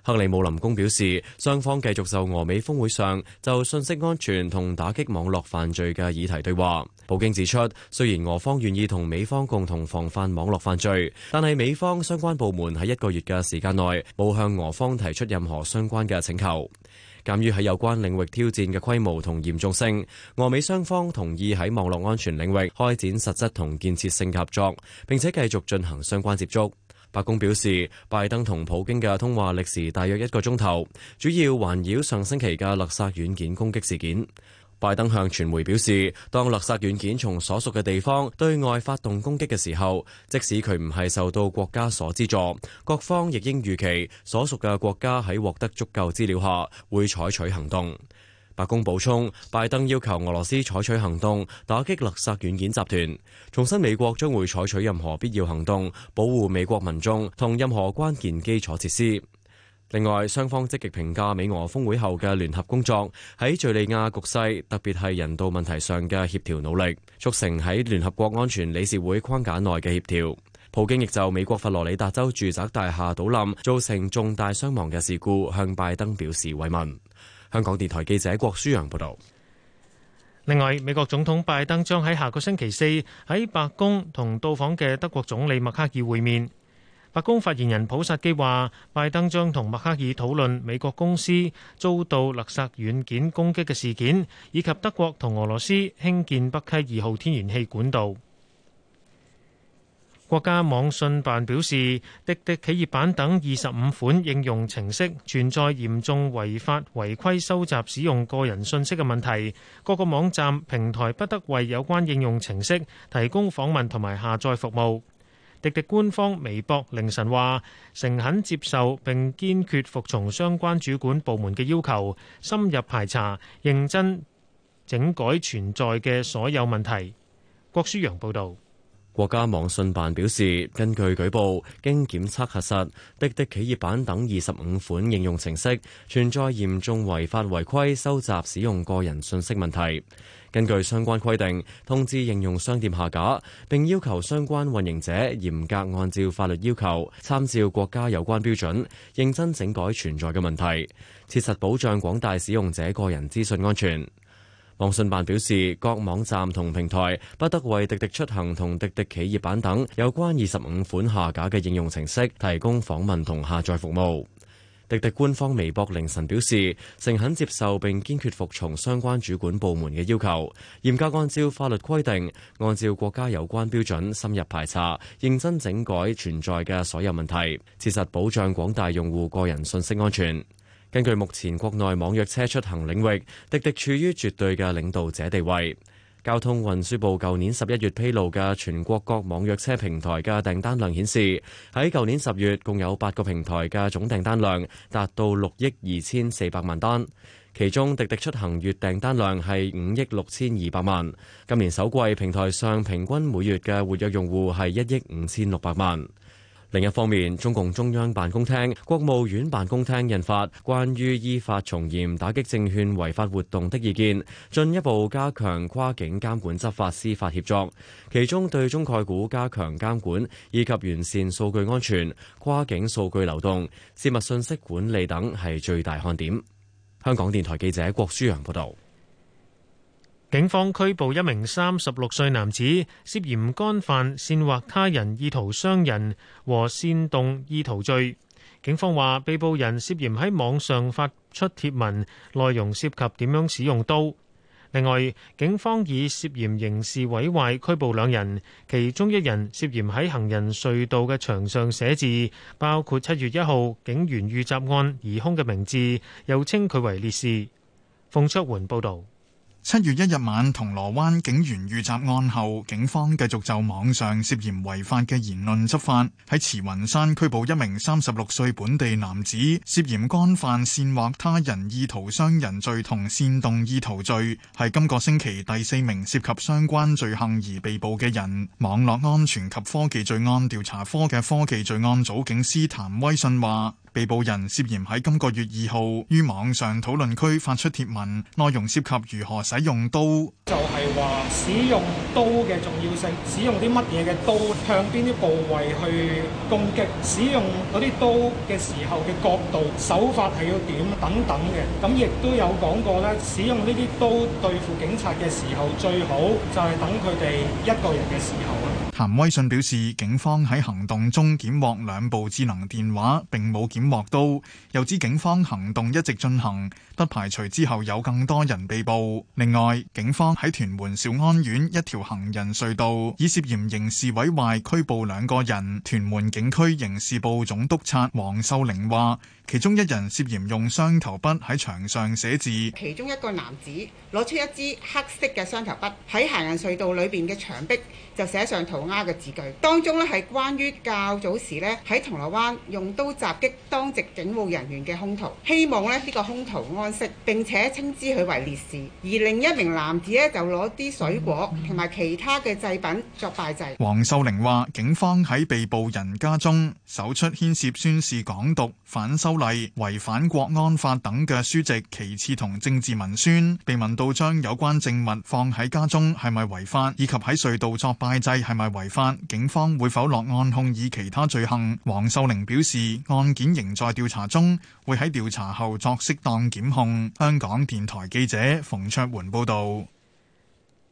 克里姆林宮表示，雙方繼續就俄美峰會上就信息安全同打擊網絡犯罪嘅議題對話。普京指出，雖然俄方願意同美方共同防範網絡犯罪，但係美方相關部門喺一個月嘅時間內冇向俄方提出任何相關嘅請求。鑒於喺有關領域挑戰嘅規模同嚴重性，俄美雙方同意喺網絡安全領域開展實質同建設性合作，並且繼續進行相關接觸。白宮表示，拜登同普京嘅通話歷時大約一個鐘頭，主要環繞上星期嘅勒索軟件攻擊事件。拜登向傳媒表示，當勒索軟件從所屬嘅地方對外發動攻擊嘅時候，即使佢唔係受到國家所資助，各方亦應預期所屬嘅國家喺獲得足夠資料下會採取行動。白宮補充，拜登要求俄羅斯採取行動打擊勒索軟件集團。重申美國將會採取任何必要行動，保護美國民眾同任何關鍵基礎設施。另外，雙方積極評價美俄峰會後嘅聯合工作，喺敘利亞局勢，特別係人道問題上嘅協調努力，促成喺聯合國安全理事會框架內嘅協調。普京亦就美國佛羅里達州住宅大廈倒冧，造成重大傷亡嘅事故，向拜登表示慰問。香港電台記者郭舒揚報道。另外，美國總統拜登將喺下個星期四喺白宮同到訪嘅德國總理默克爾會面。白宮發言人普薩基話，拜登將同默克爾討論美國公司遭到勒索軟件攻擊嘅事件，以及德國同俄羅斯興建北溪二號天然氣管道。國家網信辦表示，滴滴企業版等二十五款應用程式存在嚴重違法違規收集使用個人信息嘅問題，各個網站平台不得為有關應用程式提供訪問同埋下載服務。滴滴官方微博凌晨話：誠懇接受並堅決服從相關主管部門嘅要求，深入排查，認真整改存在嘅所有問題。郭書陽報道。國家網信辦表示，根據舉報，經檢測核實，滴滴企業版等二十五款應用程式存在嚴重違法違規收集使用個人信息問題。根據相關規定，通知應用商店下架，並要求相關運營者嚴格按照法律要求，參照國家有關標準，認真整改存在嘅問題，切實保障廣大使用者個人資訊安全。網信辦表示，各網站同平台不得為滴滴出行同滴滴企業版等有關二十五款下架嘅應用程式提供訪問同下載服務。滴滴官方微博凌晨表示，誠懇接受並堅決服從相關主管部門嘅要求，嚴格按照法律規定，按照國家有關標準深入排查，認真整改存在嘅所有問題，切實保障廣大用戶個人信息安全。根據目前國內網約車出行領域，滴滴處於絕對嘅領導者地位。交通運輸部舊年十一月披露嘅全國各網約車平台嘅訂單量顯示，喺舊年十月，共有八個平台嘅總訂單量達到六億二千四百萬單，其中滴滴出行月訂單量係五億六千二百萬。今年首季平台上平均每月嘅活躍用戶係一億五千六百萬。另一方面，中共中央辦公廳、國務院辦公廳印發《關於依法從嚴打擊證券違法活動的意見》，進一步加強跨境監管執法、司法協作。其中，對中概股加強監管，以及完善數據安全、跨境數據流動、涉密信息管理等，係最大看點。香港電台記者郭書陽報道。警方拘捕一名三十六歲男子，涉嫌干犯煽惑他人意圖傷人和煽動意圖罪。警方話被捕人涉嫌喺網上發出貼文，內容涉及點樣使用刀。另外，警方以涉嫌刑事毀壞拘捕兩人，其中一人涉嫌喺行人隧道嘅牆上寫字，包括七月一號警員遇襲案疑凶嘅名字，又稱佢為烈士。馮卓桓報道。七月一日晚，銅鑼灣警員遇襲案後，警方繼續就網上涉嫌違法嘅言論執法，喺慈雲山拘捕一名三十六歲本地男子，涉嫌干犯煽惑他人意圖傷人罪同煽動意圖罪，係今個星期第四名涉及相關罪行而被捕嘅人。網絡安全及科技罪案調查科嘅科技罪案組警司譚威信話。被捕人涉嫌喺今個月二號於網上討論區發出帖文，內容涉及如何使用刀，就係話使用刀嘅重要性，使用啲乜嘢嘅刀，向邊啲部位去攻擊，使用嗰啲刀嘅時候嘅角度、手法係要點等等嘅。咁亦都有講過咧，使用呢啲刀對付警察嘅時候，最好就係等佢哋一個人嘅時候啊。譚威信表示，警方喺行動中檢獲兩部智能電話，並冇檢獲刀。又指警方行動一直進行，不排除之後有更多人被捕。另外，警方喺屯門兆安苑一條行人隧道，以涉嫌刑事毀壞拘捕兩個人。屯門警區刑事部總督察黃秀玲話。其中一人涉嫌用雙頭筆喺牆上寫字，其中一個男子攞出一支黑色嘅雙頭筆喺行人隧道裏邊嘅牆壁就寫上塗鴉嘅字句，當中呢，係關於較早時呢喺銅鑼灣用刀襲擊當值警務人員嘅兇徒，希望呢呢個兇徒安息並且稱之佢為烈士。而另一名男子呢，就攞啲水果同埋其他嘅祭品作拜祭。黃秀玲話：警方喺被捕人家中搜出牽涉宣示港獨、反修，違反國安法等嘅書籍，其次同政治文宣。被問到將有關證物放喺家中係咪違法，以及喺隧道作拜祭係咪違法，警方會否落案控以其他罪行？黃秀玲表示，案件仍在調查中，會喺調查後作適當檢控。香港電台記者馮卓桓報道。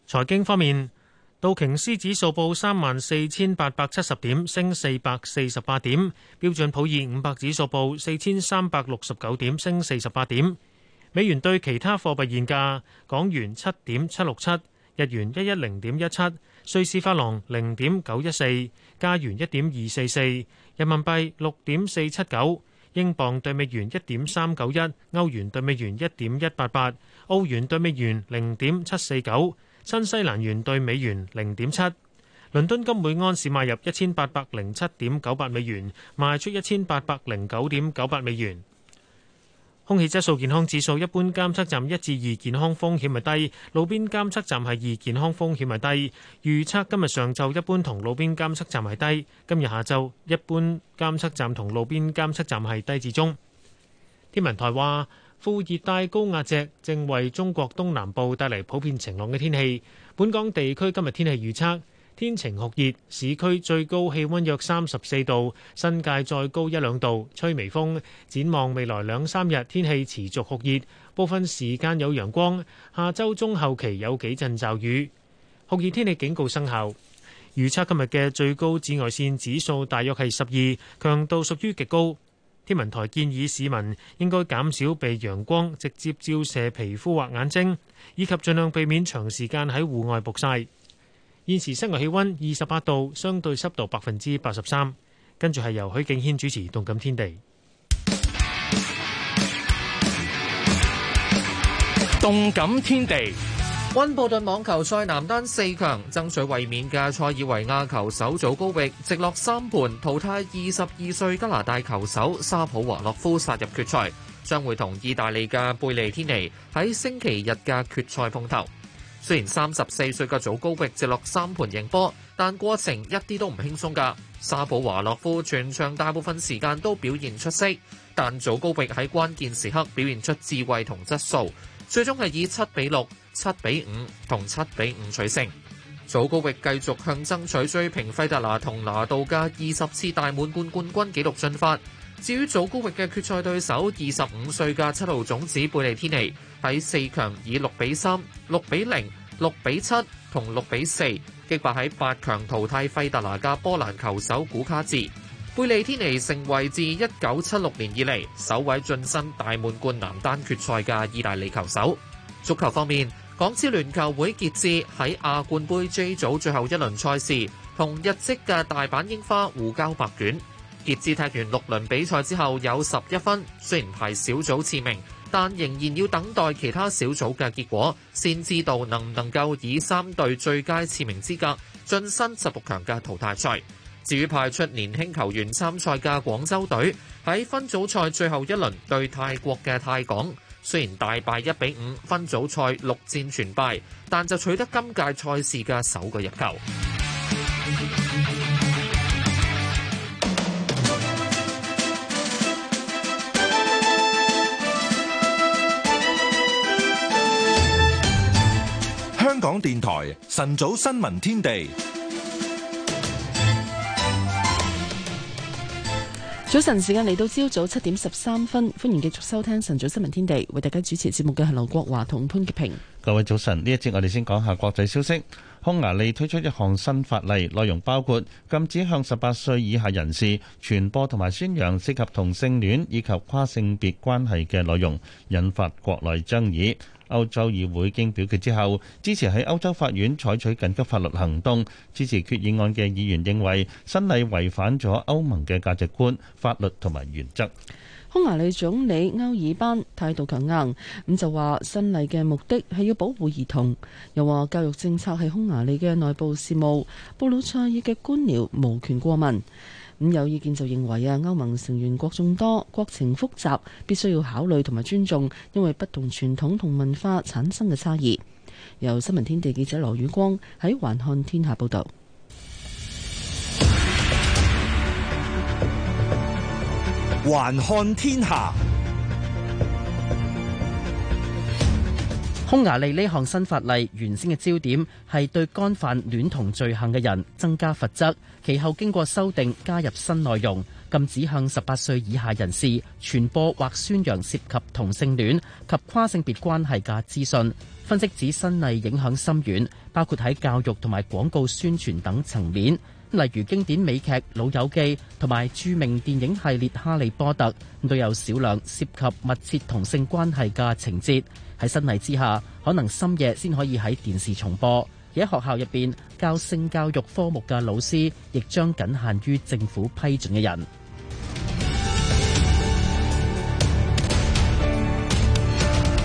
財經方面。道瓊斯指數報三萬四千八百七十點，升四百四十八點。標準普爾五百指數報四千三百六十九點，升四十八點。美元對其他貨幣現價：港元七點七六七，日元一一零點一七，瑞士法郎零點九一四，加元一點二四四，人民幣六點四七九，英鎊對美元一點三九一，歐元對美元一點一八八，澳元對美元零點七四九。新西蘭元兌美元零點七，倫敦金每安士買入一千八百零七點九八美元，賣出一千八百零九點九八美元。空氣質素健康指數一般監測站一至二健康風險係低，路邊監測站係二健康風險係低。預測今日上晝一般同路邊監測站係低，今日下晝一般監測站同路邊監測站係低至中。天文台話。副熱帶高壓脊正為中國東南部帶嚟普遍晴朗嘅天氣。本港地區今日天氣預測，天晴酷熱，市區最高氣溫約三十四度，新界再高一兩度，吹微風。展望未來兩三日天氣持續酷熱，部分時間有陽光。下週中後期有幾陣驟雨。酷熱天氣警告生效。預測今日嘅最高紫外線指數大約係十二，強度屬於極高。天文台建議市民應該減少被陽光直接照射皮膚或眼睛，以及盡量避免長時間喺戶外曝曬。現時室外氣溫二十八度，相對濕度百分之八十三。跟住係由許敬軒主持《動感天地》。動感天地。溫布頓網球賽男單四強爭取衛冕嘅塞爾維亞球手祖高域直落三盤淘汰二十二歲加拿大球手沙普華洛夫，殺入決賽，將會同意大利嘅貝利天尼喺星期日嘅決賽碰頭。雖然三十四歲嘅祖高域直落三盤贏波，但過程一啲都唔輕鬆㗎。沙普華洛夫全場大部分時間都表現出色，但祖高域喺關鍵時刻表現出智慧同質素，最終係以七比六。七比五同七比五取勝，祖高域繼續向爭取追平費達拿同拿度嘅二十次大滿貫冠軍紀錄進發。至於祖高域嘅決賽對手，二十五歲嘅七號種子貝利天尼喺四強以六比三、六比零、六比七同六比四擊敗喺八強淘汰費達拿嘅波蘭球手古卡治。貝利天尼成為自一九七六年以嚟首位晉身大滿貫男單決賽嘅意大利球手。足球方面。港超聯球會傑志喺亞冠盃 J 組最後一輪賽事，同日職嘅大阪櫻花互交白卷。傑志踢完六輪比賽之後有十一分，雖然係小組次名，但仍然要等待其他小組嘅結果，先知道能唔能夠以三隊最佳次名資格，晉身十六強嘅淘汰賽。至於派出年輕球員參賽嘅廣州隊，喺分組賽最後一輪對泰國嘅泰港，雖然大敗一比五，分組賽六戰全敗，但就取得今屆賽事嘅首個入球。香港電台晨早新聞天地。早晨，時間嚟到朝早七點十三分，歡迎繼續收聽晨早新聞天地。為大家主持節目嘅係劉國華同潘潔平。各位早晨，呢一節我哋先講下國際消息。匈牙利推出一項新法例，內容包括禁止向十八歲以下人士傳播同埋宣揚涉及同性戀以及跨性別關係嘅內容，引發國內爭議。歐洲議會經表決之後，支持喺歐洲法院採取緊急法律行動。支持決議案嘅議員認為，新例違反咗歐盟嘅價值觀、法律同埋原則。匈牙利總理歐爾班態度強硬，咁就話新例嘅目的係要保護兒童，又話教育政策係匈牙利嘅內部事務，布魯塞爾嘅官僚無權過問。咁有意見就認為啊，歐盟成員國眾多，國情複雜，必須要考慮同埋尊重，因為不同傳統同文化產生嘅差異。由新聞天地記者羅宇光喺《環看天下》報道，《環看天下》。匈牙利呢項新法例原先嘅焦點係對干犯戀童罪行嘅人增加罰則，其後經過修訂加入新內容，禁止向十八歲以下人士傳播或宣揚涉及同性戀及跨性別關係嘅資訊。分析指新例影響深遠，包括喺教育同埋廣告宣傳等層面。例如經典美劇《老友記》同埋著名電影系列《哈利波特》都有少量涉及密切同性關係嘅情節。喺新例之下，可能深夜先可以喺電視重播。而喺學校入邊教性教育科目嘅老師，亦將僅限於政府批准嘅人。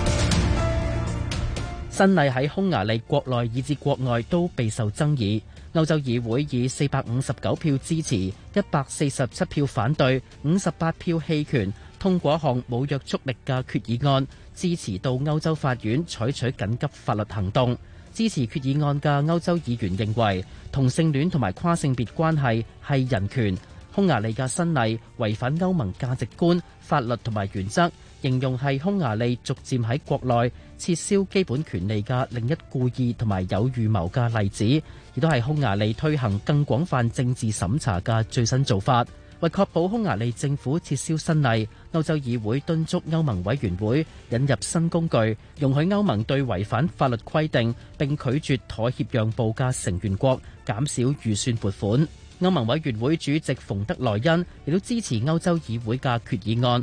*music* 新例喺匈牙利國內以至國外都備受爭議。歐洲議會以四百五十九票支持，一百四十七票反對，五十八票棄權。通過項冇約束力嘅決議案，支持到歐洲法院採取緊急法律行動。支持決議案嘅歐洲議員認為，同性戀同埋跨性別關係係人權。匈牙利嘅新例違反歐盟價值觀、法律同埋原則，形容係匈牙利逐漸喺國內撤銷基本權利嘅另一故意同埋有預謀嘅例子，亦都係匈牙利推行更廣泛政治審查嘅最新做法。為確保匈牙利政府撤銷新例，歐洲議會敦促歐盟委員會引入新工具，容許歐盟對違反法律規定並拒絕妥協讓步嘅成員國減少預算撥款。歐盟委員會主席馮德萊恩亦都支持歐洲議會嘅決議案。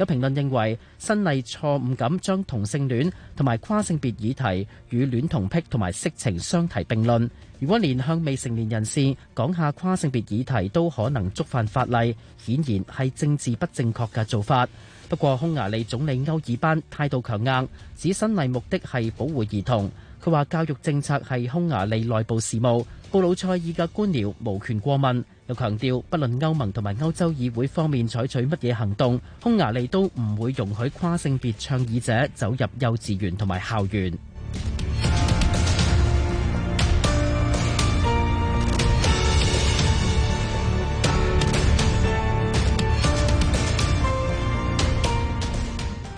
有評論認為新例錯誤咁將同性戀同埋跨性別議題與戀童癖同埋色情相提並論。如果連向未成年人士講下跨性別議題都可能觸犯法例，顯然係政治不正確嘅做法。不過，匈牙利總理歐爾班態度強硬，指新例目的係保護兒童。佢話教育政策係匈牙利內部事務，布魯塞爾嘅官僚無權過問。又強調，不論歐盟同埋歐洲議會方面採取乜嘢行動，匈牙利都唔會容許跨性別倡議者走入幼稚園同埋校園。 *music*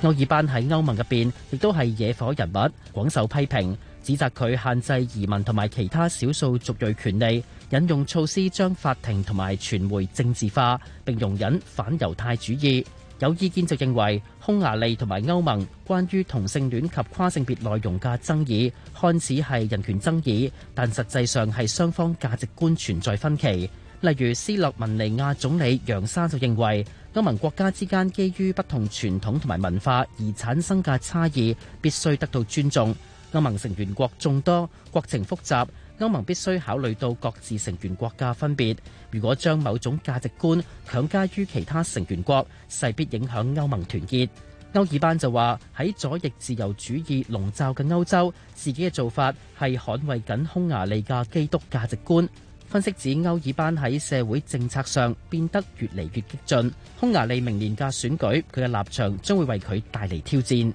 歐爾班喺歐盟入邊亦都係惹火人物，廣受批評，指責佢限制移民同埋其他少數族裔權利。引用措施將法庭同埋傳媒政治化，並容忍反猶太主義。有意見就認為，匈牙利同埋歐盟關於同性戀及跨性別內容嘅爭議，看似係人權爭議，但實際上係雙方價值觀存在分歧。例如，斯洛文尼亞總理楊沙就認為，歐盟國家之間基於不同傳統同埋文化而產生嘅差異，必須得到尊重。歐盟成員國眾多，國情複雜。歐盟必須考慮到各自成員國家分別，如果將某種價值觀強加於其他成員國，勢必影響歐盟團結。歐爾班就話：喺左翼自由主義籠罩嘅歐洲，自己嘅做法係捍衛緊匈牙利嘅基督價值觀。分析指，歐爾班喺社會政策上變得越嚟越激進，匈牙利明年嘅選舉，佢嘅立場將會為佢帶嚟挑戰。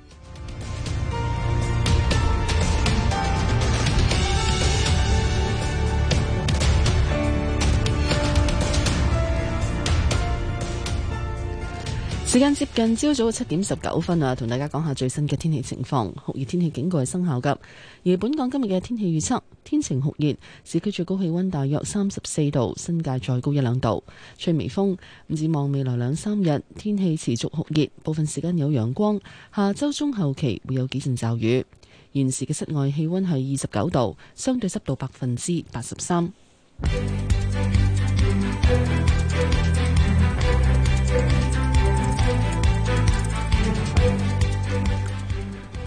時間接近朝早嘅七點十九分啊，同大家講下最新嘅天氣情況，酷熱天氣警告係生效㗎。而本港今日嘅天氣預測，天晴酷熱，市區最高氣溫大約三十四度，新界再高一兩度，吹微風。咁展望未來兩三日，天氣持續酷熱，部分時間有陽光。下周中後期會有幾陣驟雨。現時嘅室外氣溫係二十九度，相對濕度百分之八十三。 *music*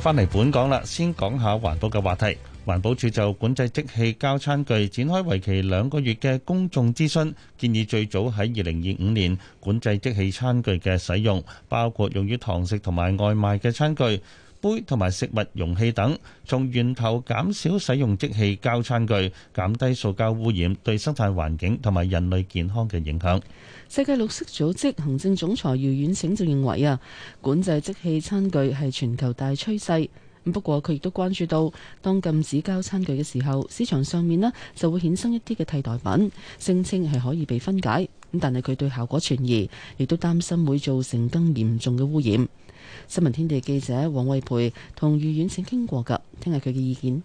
翻嚟本港啦，先講下環保嘅話題。環保署就管制即棄膠餐具，展開為期兩個月嘅公眾諮詢，建議最早喺二零二五年管制即棄餐具嘅使用，包括用於堂食同埋外賣嘅餐具。杯同埋食物容器等，從源頭減少使用即棄膠餐具，減低塑膠污染對生態環境同埋人類健康嘅影響。世界綠色組織行政總裁余遠騁就認為啊，管制即棄餐具係全球大趨勢。不過佢亦都關注到，當禁止膠餐具嘅時候，市場上面呢就會衍生一啲嘅替代品，聲稱係可以被分解。但係佢對效果存疑，亦都擔心會造成更嚴重嘅污染。新聞天地記者黃慧培同余院倩傾過噶，聽下佢嘅意見。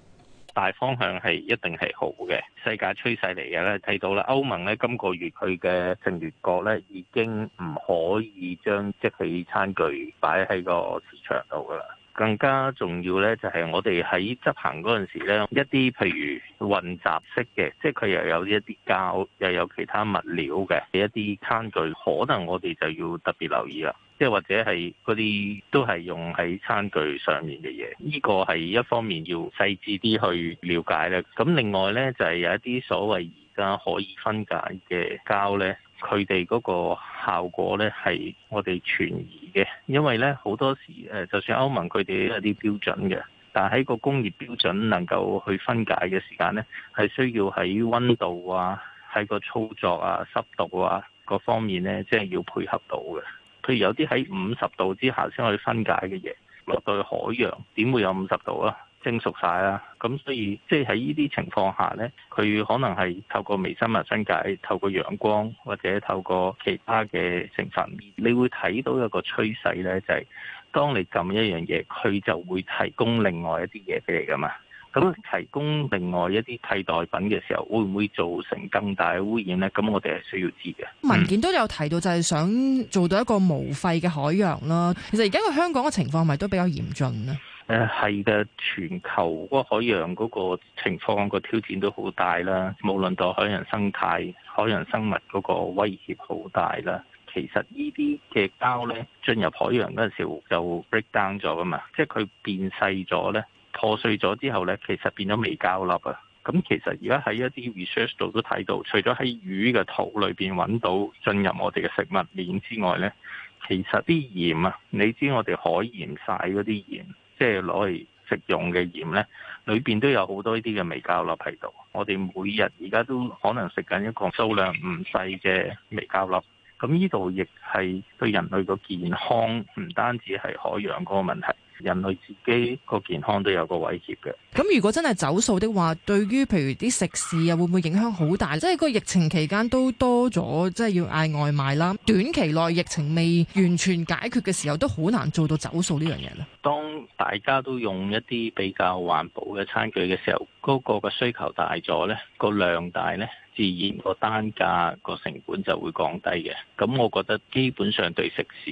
大方向係一定係好嘅，世界趨勢嚟嘅咧。睇到咧，歐盟呢今個月佢嘅成員國呢已經唔可以將即棄餐具擺喺個市場度噶啦。更加重要呢，就係我哋喺執行嗰陣時咧，一啲譬如混雜式嘅，即係佢又有一啲膠，又有其他物料嘅一啲餐具，可能我哋就要特別留意啦。即係或者係嗰啲都係用喺餐具上面嘅嘢，呢個係一方面要細緻啲去了解咧。咁另外呢，就係有一啲所謂而家可以分解嘅膠。呢佢哋嗰個效果呢，係我哋存疑嘅，因為呢好多時誒，就算歐盟佢哋都有啲標準嘅，但係喺個工業標準能夠去分解嘅時間呢，係需要喺温度啊、喺個操作啊、濕度啊各方面呢，即係要配合到嘅。佢有啲喺五十度之下先可以分解嘅嘢，落到海洋點會有五十度啊？蒸熟晒啦，咁所以即係喺呢啲情況下呢，佢可能係透過微生物分解，透過陽光或者透過其他嘅成分，你會睇到一個趨勢呢就係、是、當你撳一樣嘢，佢就會提供另外一啲嘢俾你噶嘛。咁提供另外一啲替代品嘅時候，會唔會造成更大嘅污染呢？咁我哋係需要知嘅。嗯、文件都有提到，就係想做到一個無廢嘅海洋啦。其實而家個香港嘅情況咪都比較嚴峻咧。誒、呃，係嘅，全球個海洋嗰個情況個挑戰都好大啦。無論對海洋生態、海洋生物嗰個威脅好大啦。其實呢啲嘅膠咧，進入海洋嗰陣時，就 break down 咗噶嘛，即係佢變細咗咧。破碎咗之後呢，其實變咗微膠粒啊！咁其實而家喺一啲 research 度都睇到，除咗喺魚嘅肚裏邊揾到進入我哋嘅食物鏈之外呢，其實啲鹽啊，你知我哋海鹽曬嗰啲鹽，即係攞嚟食用嘅鹽呢，裏邊都有好多呢啲嘅微膠粒喺度。我哋每日而家都可能食緊一個數量唔細嘅微膠粒，咁呢度亦係對人類個健康，唔單止係海洋嗰個問題。人類自己個健康都有個威脅嘅。咁如果真係走數的話，對於譬如啲食肆啊，會唔會影響好大？即係個疫情期間都多咗，即係要嗌外賣啦。短期內疫情未完全解決嘅時候，都好難做到走數呢樣嘢咧。當大家都用一啲比較環保嘅餐具嘅時候，嗰個嘅需求大咗呢，個量大呢，自然個單價、個成本就會降低嘅。咁我覺得基本上對食肆。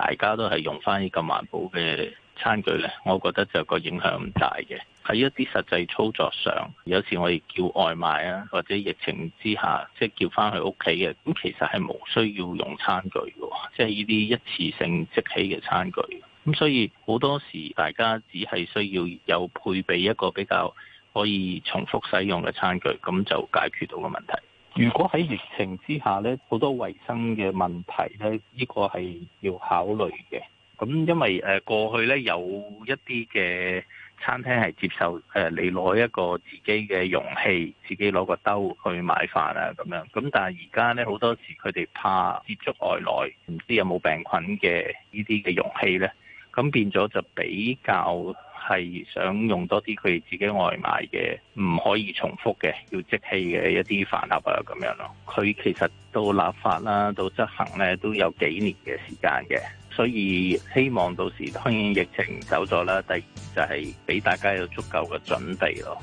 大家都係用翻呢個環保嘅餐具呢，我覺得就個影響唔大嘅。喺一啲實際操作上，有時我哋叫外賣啊，或者疫情之下即係叫翻去屋企嘅，咁其實係冇需要用餐具嘅，即係呢啲一次性即棄嘅餐具。咁所以好多時大家只係需要有配備一個比較可以重複使用嘅餐具，咁就解決到個問題。如果喺疫情之下呢，好多衞生嘅問題呢，呢、這個係要考慮嘅。咁因為誒、呃、過去呢，有一啲嘅餐廳係接受誒你攞一個自己嘅容器，自己攞個兜去買飯啊咁樣。咁但係而家呢，好多時佢哋怕接觸外來，唔知有冇病菌嘅呢啲嘅容器呢。咁變咗就比較係想用多啲佢哋自己外賣嘅，唔可以重複嘅，要即棄嘅一啲飯盒啊咁樣咯。佢其實到立法啦，到執行咧都有幾年嘅時間嘅，所以希望到時當然疫情走咗啦，第二就係俾大家有足夠嘅準備咯。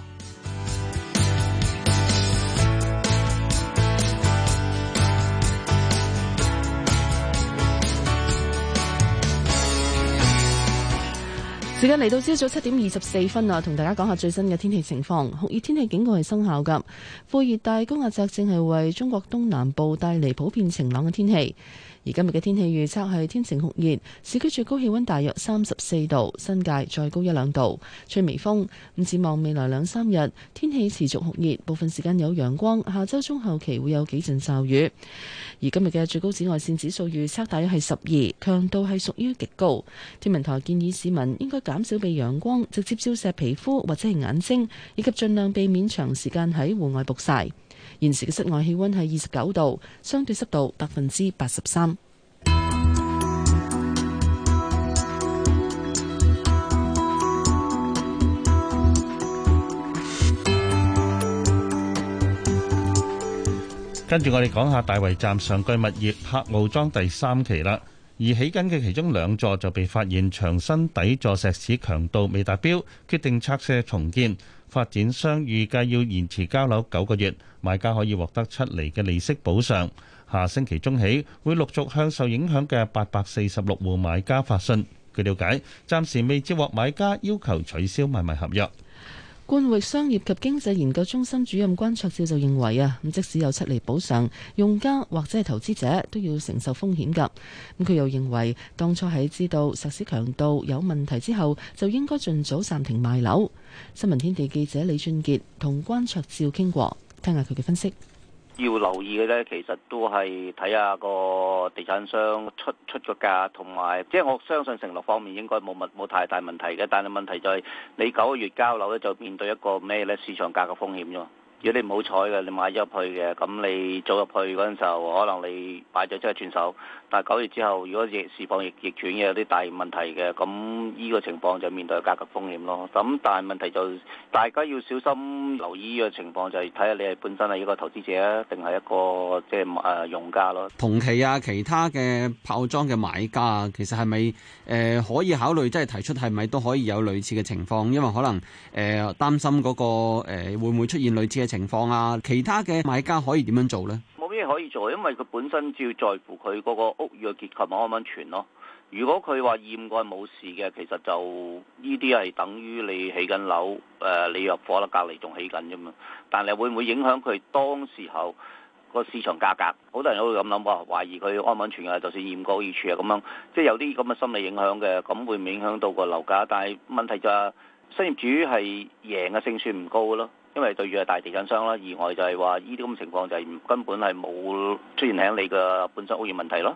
時間嚟到朝早七點二十四分啊。同大家講下最新嘅天氣情況。酷熱天氣警告係生效噶，副熱帶高壓脊正係為中國東南部帶嚟普遍晴朗嘅天氣。而今日嘅天氣預測係天晴酷熱，市區最高氣温大約三十四度，新界再高一兩度，吹微風。咁展望未來兩三日天氣持續酷熱，部分時間有陽光。下周中後期會有幾陣驟雨。而今日嘅最高紫外線指數預測大約係十二，強度係屬於極高。天文台建議市民應該減少被陽光直接照射皮膚或者係眼睛，以及盡量避免長時間喺戶外曝晒。現時嘅室外氣溫係二十九度，相對濕度百分之八十三。跟住我哋講下大圍站上蓋物業柏傲莊第三期啦，而起緊嘅其中兩座就被發現牆身底座石屎強度未達標，決定拆卸重建。發展商預計要延遲交樓九個月，買家可以獲得出嚟嘅利息補償。下星期中起會陸續向受影響嘅八百四十六戶買家發信。據了解，暫時未接獲買家要求取消買賣合約。冠域商業及經濟研究中心主任關卓照就認為啊，咁即使有出嚟補償，用家或者係投資者都要承受風險噶。咁佢又認為，當初喺知道實施強度有問題之後，就應該盡早暫停賣樓。新聞天地記者李俊杰同關卓照傾過，聽下佢嘅分析。要留意嘅咧，其實都係睇下個地產商出出咗價，同埋即係我相信承諾方面應該冇乜冇太大問題嘅。但係問題在、就係、你九個月交樓咧，就面對一個咩咧市場價嘅風險啫。如果你唔好彩嘅，你買咗入去嘅，咁你做入去嗰陣時候，可能你擺咗即係轉手，但係九月之後，如果市況逆逆轉嘅有啲大問題嘅，咁呢個情況就面對價格風險咯。咁但係問題就大家要小心留意呢個情況，就係睇下你係本身係一個投資者啊，定係一個即係誒用家咯。同期啊，其他嘅包裝嘅買家啊，其實係咪誒可以考慮即係提出係咪都可以有類似嘅情況？因為可能誒擔心嗰個誒會唔會出現類似嘅情況啊？其他嘅買家可以點樣做咧？即係可以做，因為佢本身只要在乎佢嗰個屋宇嘅結構咪安唔安全咯。如果佢話驗過係冇事嘅，其實就呢啲係等於你起緊樓，誒、呃、你入夥啦，隔離仲起緊啫嘛。但係會唔會影響佢當時候個市場價格？好多人都會咁諗喎，懷疑佢安唔安全啊，就算驗過二處啊咁樣，即係有啲咁嘅心理影響嘅，咁會唔會影響到個樓價？但係問題就係、是、商業主係贏嘅勝算唔高咯。因為對住係大地產商啦，意外就係話呢啲咁情況就係根本係冇出現喺你嘅本身污染問題咯。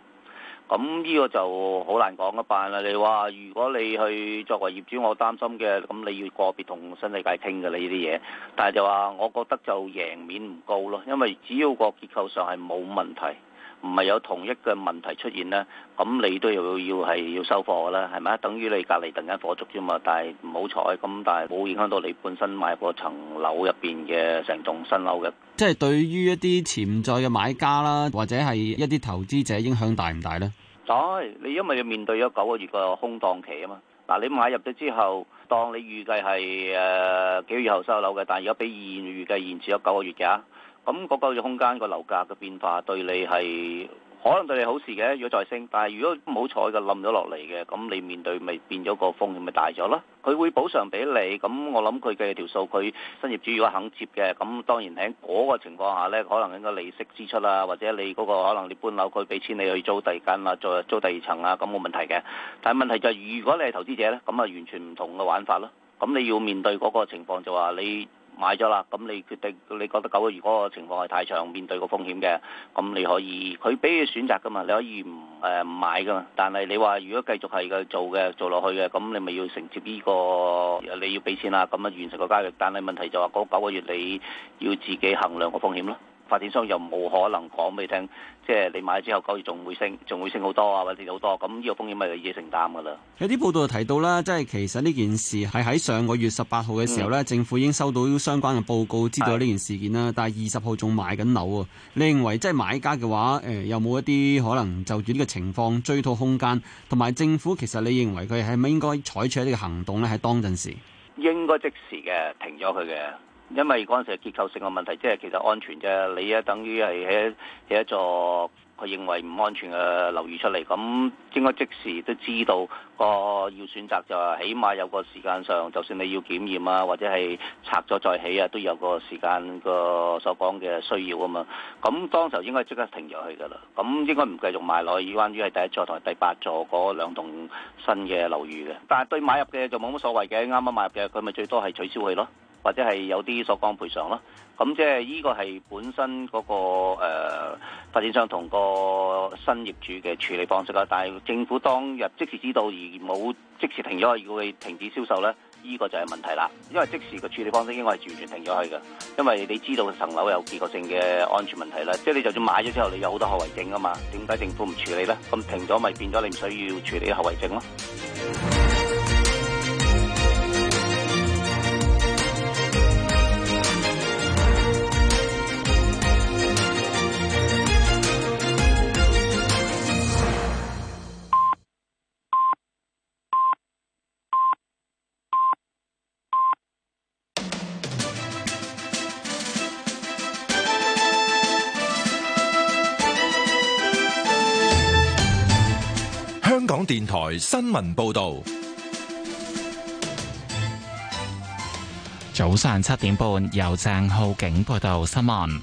咁、嗯、呢、這個就好難講一辦啦。你話如果你去作為業主，我擔心嘅，咁、嗯、你要個別同新世界傾嘅你呢啲嘢。但係就話，我覺得就贏面唔高咯，因為只要個結構上係冇問題。唔係有同一個問題出現咧，咁你都又要係要收貨嘅啦，係咪？等於你隔離突然間火燭啫嘛，但係唔好彩咁，但係冇影響到你本身買嗰層樓入邊嘅成棟新樓嘅。即係對於一啲潛在嘅買家啦，或者係一啲投資者影響大唔大呢？在、啊、你因為要面對咗九個月個空檔期啊嘛。嗱、啊，你買入咗之後，當你預計係誒、呃、幾月後收樓嘅，但係而家俾預計延遲咗九個月㗎。咁嗰個嘅空間個樓價嘅變化對你係可能對你好事嘅，如果再升。但係如果唔好彩嘅冧咗落嚟嘅，咁你面對咪變咗個風險咪大咗咯？佢會補償俾你。咁我諗佢嘅條數，佢新業主如果肯接嘅，咁當然喺嗰個情況下呢，可能應該利息支出啊，或者你嗰個可能你搬樓，佢俾錢你去租第二間啊，再租，租第二層啊，咁冇問題嘅。但係問題就係如果你係投資者呢，咁啊完全唔同嘅玩法咯。咁你要面對嗰個情況就話你。買咗啦，咁你決定，你覺得九個月嗰個情況係太長，面對個風險嘅，咁你可以，佢俾你選擇噶嘛，你可以唔誒唔買噶嘛，但係你話如果繼續係佢做嘅，做落去嘅，咁你咪要承接呢個，你要俾錢啦，咁啊完成個交易，但係問題就話嗰九個月你要自己衡量個風險咯。發展商又冇可能講俾你聽，即係你買咗之後，九月仲會升，仲會升好多啊，或者好多、啊。咁呢個風險咪自己承擔噶啦。有啲報道又提到啦，即係其實呢件事係喺上個月十八號嘅時候呢，嗯、政府已經收到相關嘅報告，知道呢件事件啦。的但係二十號仲買緊樓喎。你認為即係買家嘅話，誒、呃、有冇一啲可能就住呢個情況追討空間？同埋政府其實你認為佢係咪應該採取一啲行動呢？喺當陣時應該即時嘅停咗佢嘅。因為嗰陣時係結構性嘅問題，即係其實安全啫。你啊，等於係喺起一座佢認為唔安全嘅樓宇出嚟，咁應該即時都知道個要選擇就係起碼有個時間上，就算你要檢驗啊，或者係拆咗再起啊，都有個時間個所講嘅需要啊嘛。咁當時候應該即刻停咗去㗎啦。咁應該唔繼續買落去，關於係第一座同第八座嗰兩棟新嘅樓宇嘅。但係對買入嘅就冇乜所謂嘅，啱啱買入嘅佢咪最多係取消佢咯。或者係有啲所講賠償咯，咁即係呢個係本身嗰、那個誒、呃、發展商同個新業主嘅處理方式啦。但係政府當日即時知道而冇即時停咗，要佢停止銷售咧，呢、這個就係問題啦。因為即時嘅處理方式應該係完全停咗佢嘅，因為你知道層樓有結構性嘅安全問題啦。即係你就算買咗之後，你有好多後遺症啊嘛，點解政府唔處理咧？咁停咗咪變咗你唔需要處理後遺症咯。電台新聞報道：早上七點半，由鄭浩景報道新聞。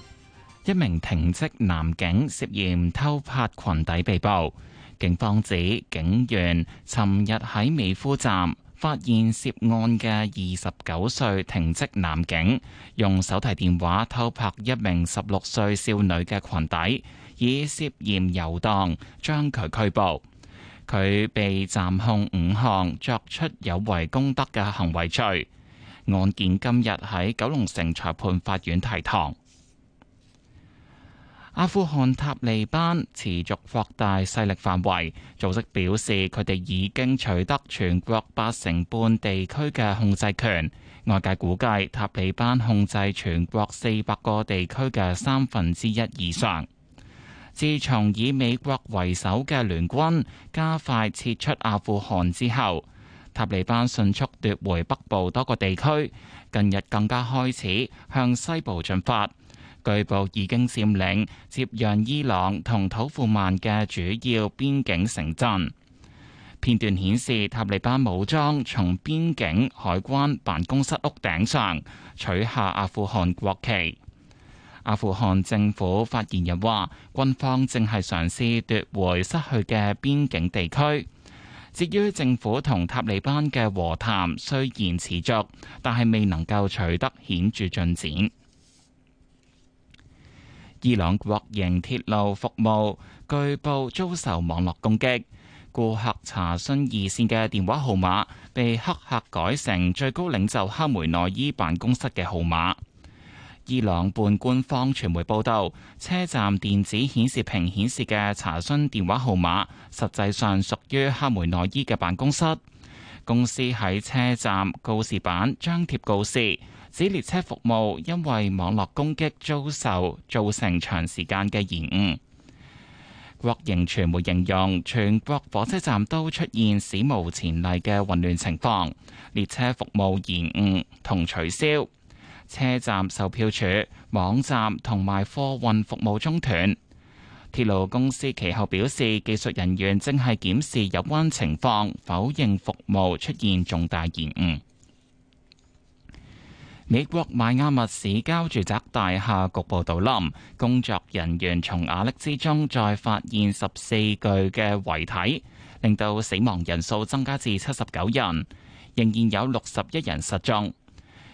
一名停職男警涉嫌偷拍裙底被捕，警方指警員尋日喺美孚站發現涉案嘅二十九歲停職男警，用手提電話偷拍一名十六歲少女嘅裙底，以涉嫌遊蕩將佢拘捕。佢被暫控五項作出有違公德嘅行為罪，案件今日喺九龍城裁判法院提堂。阿富汗塔利班持續擴大勢力範圍，組織表示佢哋已經取得全國八成半地區嘅控制權。外界估計塔利班控制全國四百個地區嘅三分之一以上。自從以美國為首嘅聯軍加快撤出阿富汗之後，塔利班迅速奪回北部多個地區，近日更加開始向西部進發，據報已經佔領接壤伊朗同土庫曼嘅主要邊境城鎮。片段顯示塔利班武裝從邊境海關辦公室屋頂上取下阿富汗國旗。阿富汗政府發言人話軍方正係嘗試奪回失去嘅邊境地區，至於政府同塔利班嘅和談雖然持續，但係未能夠取得顯著進展。伊朗國營鐵路服務據報遭受網絡攻擊，顧客查詢二線嘅電話號碼被黑客改成最高領袖哈梅內伊辦公室嘅號碼。伊朗半官方傳媒報道，車站電子顯示屏顯示嘅查詢電話號碼，實際上屬於哈梅內伊嘅辦公室。公司喺車站告示板張貼告示，指列車服務因為網絡攻擊遭受造成長時間嘅延誤。國營傳媒形容全國火車站都出現史無前例嘅混亂情況，列車服務延誤同取消。車站售票處網站同埋貨運服務中斷，鐵路公司其後表示，技術人員正係檢視有關情況，否認服務出現重大延誤。美國邁阿密市郊住宅大廈局部倒冧，工作人員從瓦礫之中再發現十四具嘅遺體，令到死亡人數增加至七十九人，仍然有六十一人失蹤。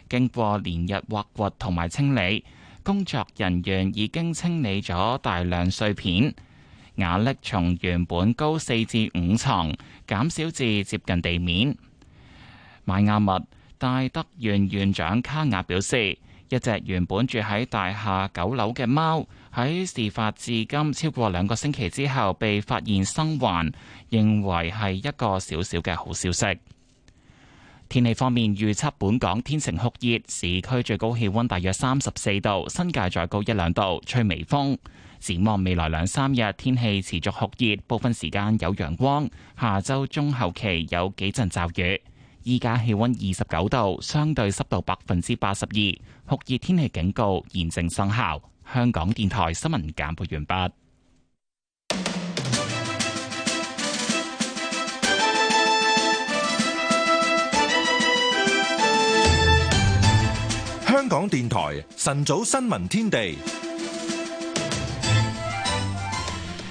經過連日挖掘同埋清理，工作人員已經清理咗大量碎片瓦礫，力從原本高四至五層減少至接近地面。邁阿密戴德縣縣長卡雅表示，一隻原本住喺大廈九樓嘅貓喺事發至今超過兩個星期之後被發現生還，認為係一個小小嘅好消息。天氣方面，預測本港天晴酷熱，市區最高氣溫大約三十四度，新界再高一兩度，吹微風。展望未來兩三日天氣持續酷熱，部分時間有陽光。下周中後期有幾陣驟雨。依家氣溫二十九度，相對濕度百分之八十二，酷熱天氣警告現正生效。香港電台新聞簡報完畢。香港電台晨早新聞天地，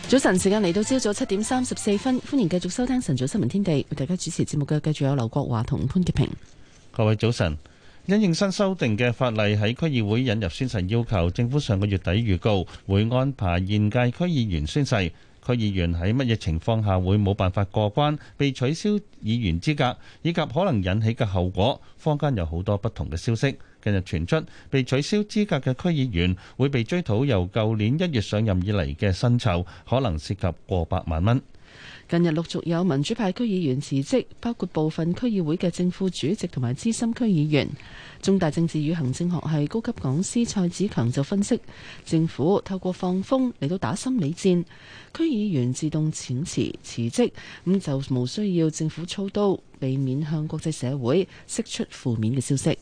早晨時間嚟到，朝早七點三十四分，歡迎繼續收聽晨早新聞天地。為大家主持節目嘅，繼續有劉國華同潘潔平。各位早晨，因應新修訂嘅法例喺區議會引入宣誓要求，政府上個月底預告會安排現屆區議員宣誓。區議員喺乜嘢情況下會冇辦法過關，被取消議員資格，以及可能引起嘅後果，坊間有好多不同嘅消息。近日傳出被取消資格嘅區議員會被追討由舊年一月上任以嚟嘅薪酬，可能涉及過百萬蚊。近日陸續有民主派區議員辭職，包括部分區議會嘅正副主席同埋資深區議員。中大政治與行政學系高級講師蔡子強就分析，政府透過放風嚟到打心理戰，區議員自動請辭辭職，咁就無需要政府操刀，避免向國際社會釋出負面嘅消息。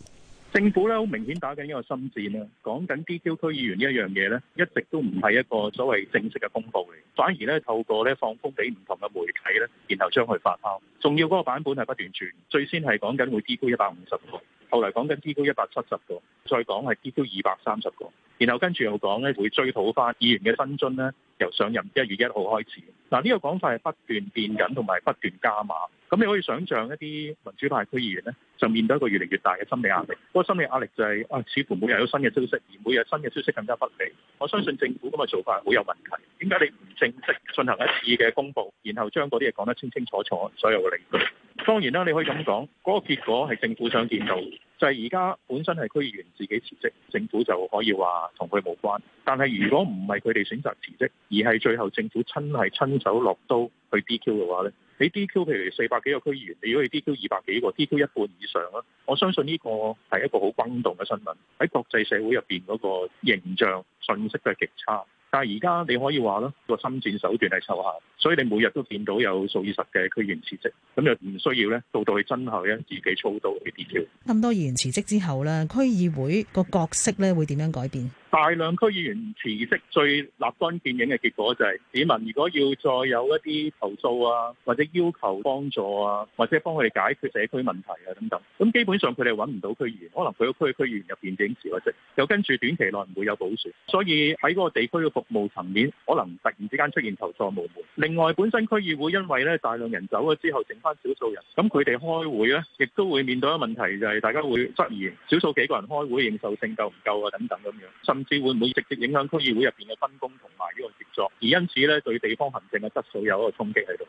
政府咧好明顯打緊一個心戰咧，講緊 DQ 區議員呢一樣嘢咧，一直都唔係一個所謂正式嘅公佈嚟，反而呢透過咧放風俾唔同嘅媒體呢，然後將佢發酵。重要嗰個版本係不斷轉，最先係講緊會 DQ 一百五十個，後嚟講緊 DQ 一百七十個，再講係 DQ 二百三十個，然後跟住又講呢會追討翻議員嘅薪津呢。由上任一月一號開始，嗱，呢個講法係不斷變緊，同埋不斷加碼。咁你可以想象一啲民主派區議員呢，就面對一個越嚟越大嘅心理壓力。嗰個心理壓力就係啊，似乎每日有新嘅消息，而每日新嘅消息更加不利。我相信政府咁嘅做法好有問題。點解你唔正式進行一次嘅公佈，然後將嗰啲嘢講得清清楚楚，所有嘅領導？當然啦，你可以咁講，嗰個結果係政府想見到，就係而家本身係區議員自己辭職，政府就可以話同佢無關。但係如果唔係佢哋選擇辭職，而係最後政府親係親手落刀去 DQ 嘅話咧，喺 DQ 譬如四百幾個區議員，你如果去 DQ 二百幾個，DQ 一半以上咧，我相信呢個係一個好轟動嘅新聞，喺國際社會入邊嗰個形象信息都係極差。但係而家你可以話啦，個心戰手段係奏效，所以你每日都見到有數以十嘅區議員辭職，咁就唔需要咧，到到去真後咧自己操刀嘅變票。咁多議員辭職之後咧，區議會個角色咧會點樣改變？大量區議員辭職，最立竿見影嘅結果就係，市民如果要再有一啲投訴啊，或者要求幫助啊，或者幫佢哋解決社區問題啊，等等，咁基本上佢哋揾唔到區議員，可能佢個區嘅區議員入邊已經辭咗職，又跟住短期內唔會有補選，所以喺嗰個地區嘅服務層面，可能突然之間出現投訴無門。另外，本身區議會因為咧大量人走咗之後，剩翻少數人，咁佢哋開會咧，亦都會面對一個問題，就係大家會質疑少數幾個人開會認受性夠唔夠啊，等等咁樣，會唔會直接影響區議會入邊嘅分工同埋呢個協作？而因此咧，對地方行政嘅質素有一個衝擊喺度。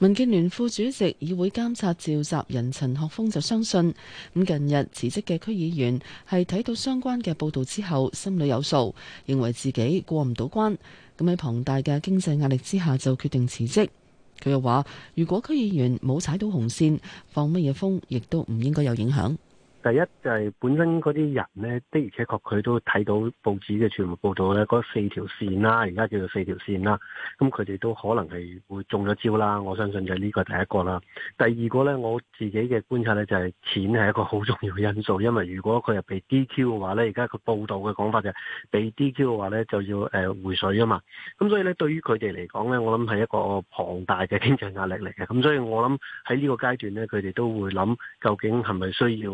民建聯副主席、議會監察召集人陳學鋒就相信，咁近日辭職嘅區議員係睇到相關嘅報道之後心裏有數，認為自己過唔到關，咁喺龐大嘅經濟壓力之下，就決定辭職，佢又話，如果區議員冇踩到紅線，放乜嘢風亦都唔應該有影響。第一就係本身嗰啲人咧，的而且確佢都睇到報紙嘅全部報道咧，嗰四條線啦，而家叫做四條線啦。咁佢哋都可能係會中咗招啦。我相信就係呢個第一個啦。第二個咧，我自己嘅觀察咧就係、是、錢係一個好重要嘅因素，因為如果佢係被 DQ 嘅話咧，而家佢報道嘅講法就係被 DQ 嘅話咧就要誒、呃、回水啊嘛。咁所以咧，對於佢哋嚟講咧，我諗係一個龐大嘅經濟壓力嚟嘅。咁所以我諗喺呢個階段咧，佢哋都會諗究竟係咪需要？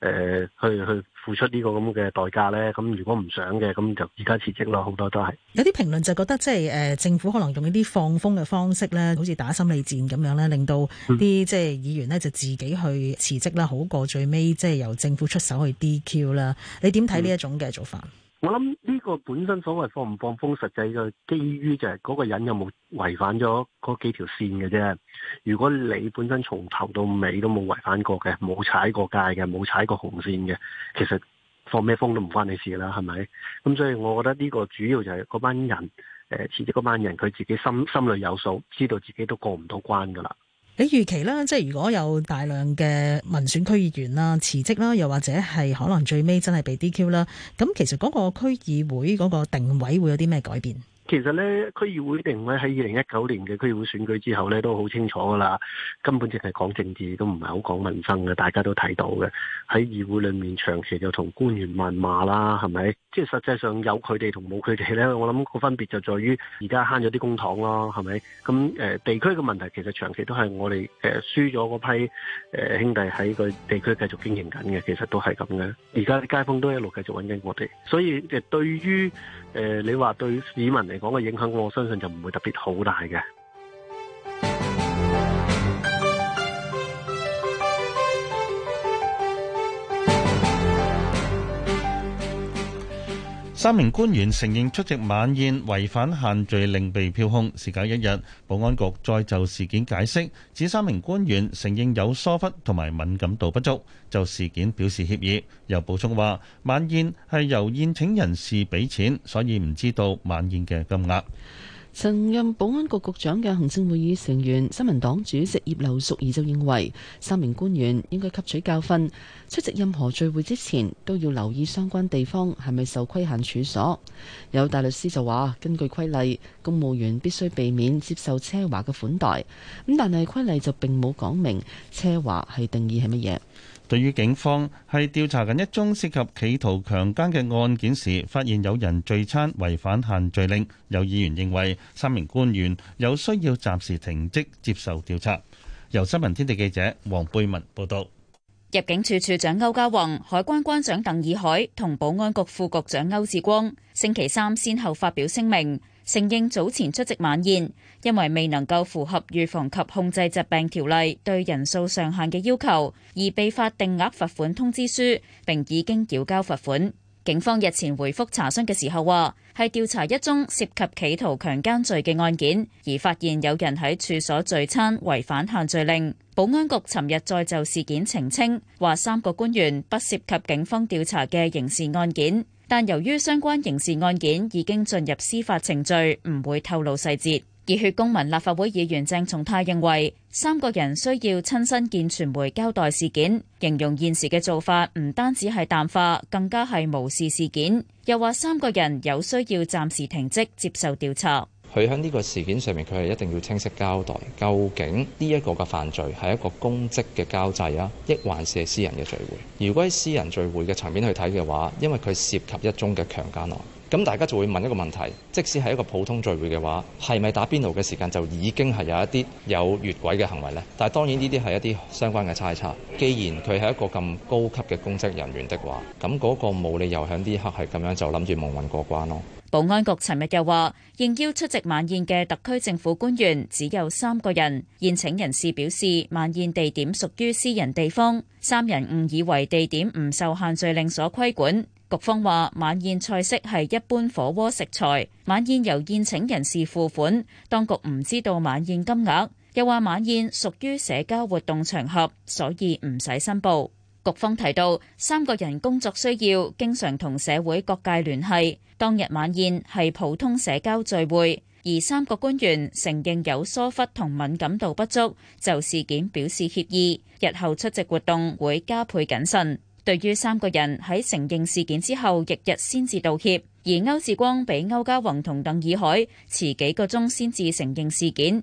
誒去、呃、去付出呢個咁嘅代價咧，咁如果唔想嘅，咁就而家辭職咯，好多都係。有啲評論就覺得即係誒、呃、政府可能用一啲放風嘅方式咧，好似打心理戰咁樣咧，令到啲、嗯、即係議員呢就自己去辭職啦，好過最尾即係由政府出手去 DQ 啦。你點睇呢一種嘅做法？嗯我諗呢個本身所謂放唔放風，實際上基於就係嗰個人有冇違反咗嗰幾條線嘅啫。如果你本身從頭到尾都冇違反過嘅，冇踩過界嘅，冇踩過紅線嘅，其實放咩風都唔關你事啦，係咪？咁所以我覺得呢個主要就係嗰班人，誒、呃，辭職嗰班人佢自己心心裏有數，知道自己都過唔到關噶啦。你預期啦，即係如果有大量嘅民選區議員啦，辭職啦，又或者係可能最尾真係被 DQ 啦，咁其實嗰個區議會嗰個定位會有啲咩改變？其實咧，區議會定位喺二零一九年嘅區議會選舉之後咧，都好清楚噶啦。根本淨係講政治，都唔係好講民生嘅。大家都睇到嘅喺議會裏面，長期就同官員謾罵啦，係咪？即係實際上有佢哋同冇佢哋咧，我諗個分別就在於而家慳咗啲公帑咯，係咪？咁、嗯、誒、呃，地區嘅問題其實長期都係我哋誒輸咗嗰批誒、呃、兄弟喺個地區繼續經營緊嘅。其實都係咁嘅。而家啲街坊都一路繼續搵緊我哋，所以誒對於。誒、呃、你話對市民嚟講嘅影響我相信就唔會特別好大嘅。三名官員承認出席晚宴違反限聚令被票控，事隔一日，保安局再就事件解釋，指三名官員承認有疏忽同埋敏感度不足，就事件表示歉意。又補充話，晚宴係由宴請人士俾錢，所以唔知道晚宴嘅金額。曾任保安局局長嘅行政會議成員、新民黨主席葉劉淑儀就認為，三名官員應該吸取教訓，出席任何聚會之前都要留意相關地方係咪受規限處所？有大律師就話，根據規例，公務員必須避免接受奢華嘅款待，咁但係規例就並冇講明奢華係定義係乜嘢。對於警方係調查緊一宗涉及企圖強奸嘅案件時，發現有人聚餐違反限聚令，有議員認為三名官員有需要暫時停職接受調查。由新聞天地記者黃貝文報道。入境處處長歐家旺、海關關長鄧以海同保安局副局長歐志光星期三先後發表聲明。承認早前出席晚宴，因為未能夠符合《預防及控制疾病條例》對人數上限嘅要求，而被發定額罰款通知書，並已經繳交罰款。警方日前回覆查詢嘅時候話，係調查一宗涉及企圖強姦罪嘅案件，而發現有人喺處所聚餐違反限聚令。保安局尋日再就事件澄清，話三個官員不涉及警方調查嘅刑事案件。但由於相關刑事案件已經進入司法程序，唔會透露細節。熱血公民立法會議員鄭松泰認為，三個人需要親身見傳媒交代事件，形容現時嘅做法唔單止係淡化，更加係無視事件，又話三個人有需要暫時停職接受調查。佢喺呢個事件上面，佢係一定要清晰交代，究竟呢一個嘅犯罪係一個公職嘅交際啊，抑還是係私人嘅聚會？如果喺私人聚會嘅層面去睇嘅話，因為佢涉及一宗嘅強奸案，咁大家就會問一個問題：即使係一個普通聚會嘅話，係咪打邊爐嘅時間就已經係有一啲有越軌嘅行為呢？但係當然呢啲係一啲相關嘅猜測。既然佢係一個咁高級嘅公職人員的話，咁嗰個冇理由喺呢一刻係咁樣就諗住蒙混過關咯。保安局尋日又話，應邀出席晚宴嘅特區政府官員只有三個人。宴請人士表示，晚宴地點屬於私人地方，三人誤以為地點唔受限聚令所規管。局方話，晚宴菜式係一般火鍋食材，晚宴由宴請人士付款，當局唔知道晚宴金額。又話晚宴屬於社交活動場合，所以唔使申報。局方提到，三個人工作需要，經常同社會各界聯繫。當日晚宴係普通社交聚會，而三個官員承認有疏忽同敏感度不足，就事件表示歉意，日後出席活動會加倍謹慎。對於三個人喺承認事件之後翌日先至道歉，而歐志光比歐家宏同鄧以海遲幾個鐘先至承認事件。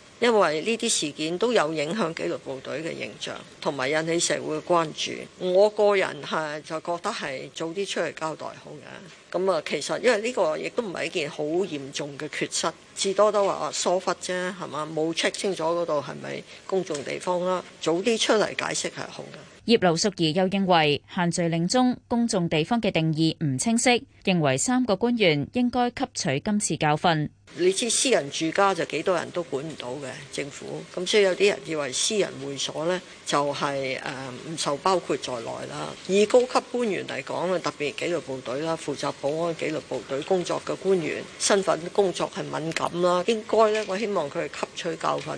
因為呢啲事件都有影響紀律部隊嘅形象，同埋引起社會關注。我個人係就覺得係早啲出嚟交代好嘅。咁、嗯、啊，其實因為呢個亦都唔係一件好嚴重嘅缺失，至多都話疏忽啫，係嘛？冇 check 清楚嗰度係咪公眾地方啦，早啲出嚟解釋係好嘅。葉劉淑儀又認為限聚令中公眾地方嘅定義唔清晰，認為三個官員應該吸取今次教訓。你知私人住家就幾多人都管唔到嘅，政府，咁所以有啲人以為私人會所咧就係誒唔受包括在內啦。以高級官員嚟講啊，特別紀律部隊啦，負責保安紀律部隊工作嘅官員，身份工作係敏感啦，應該咧我希望佢係吸取教訓。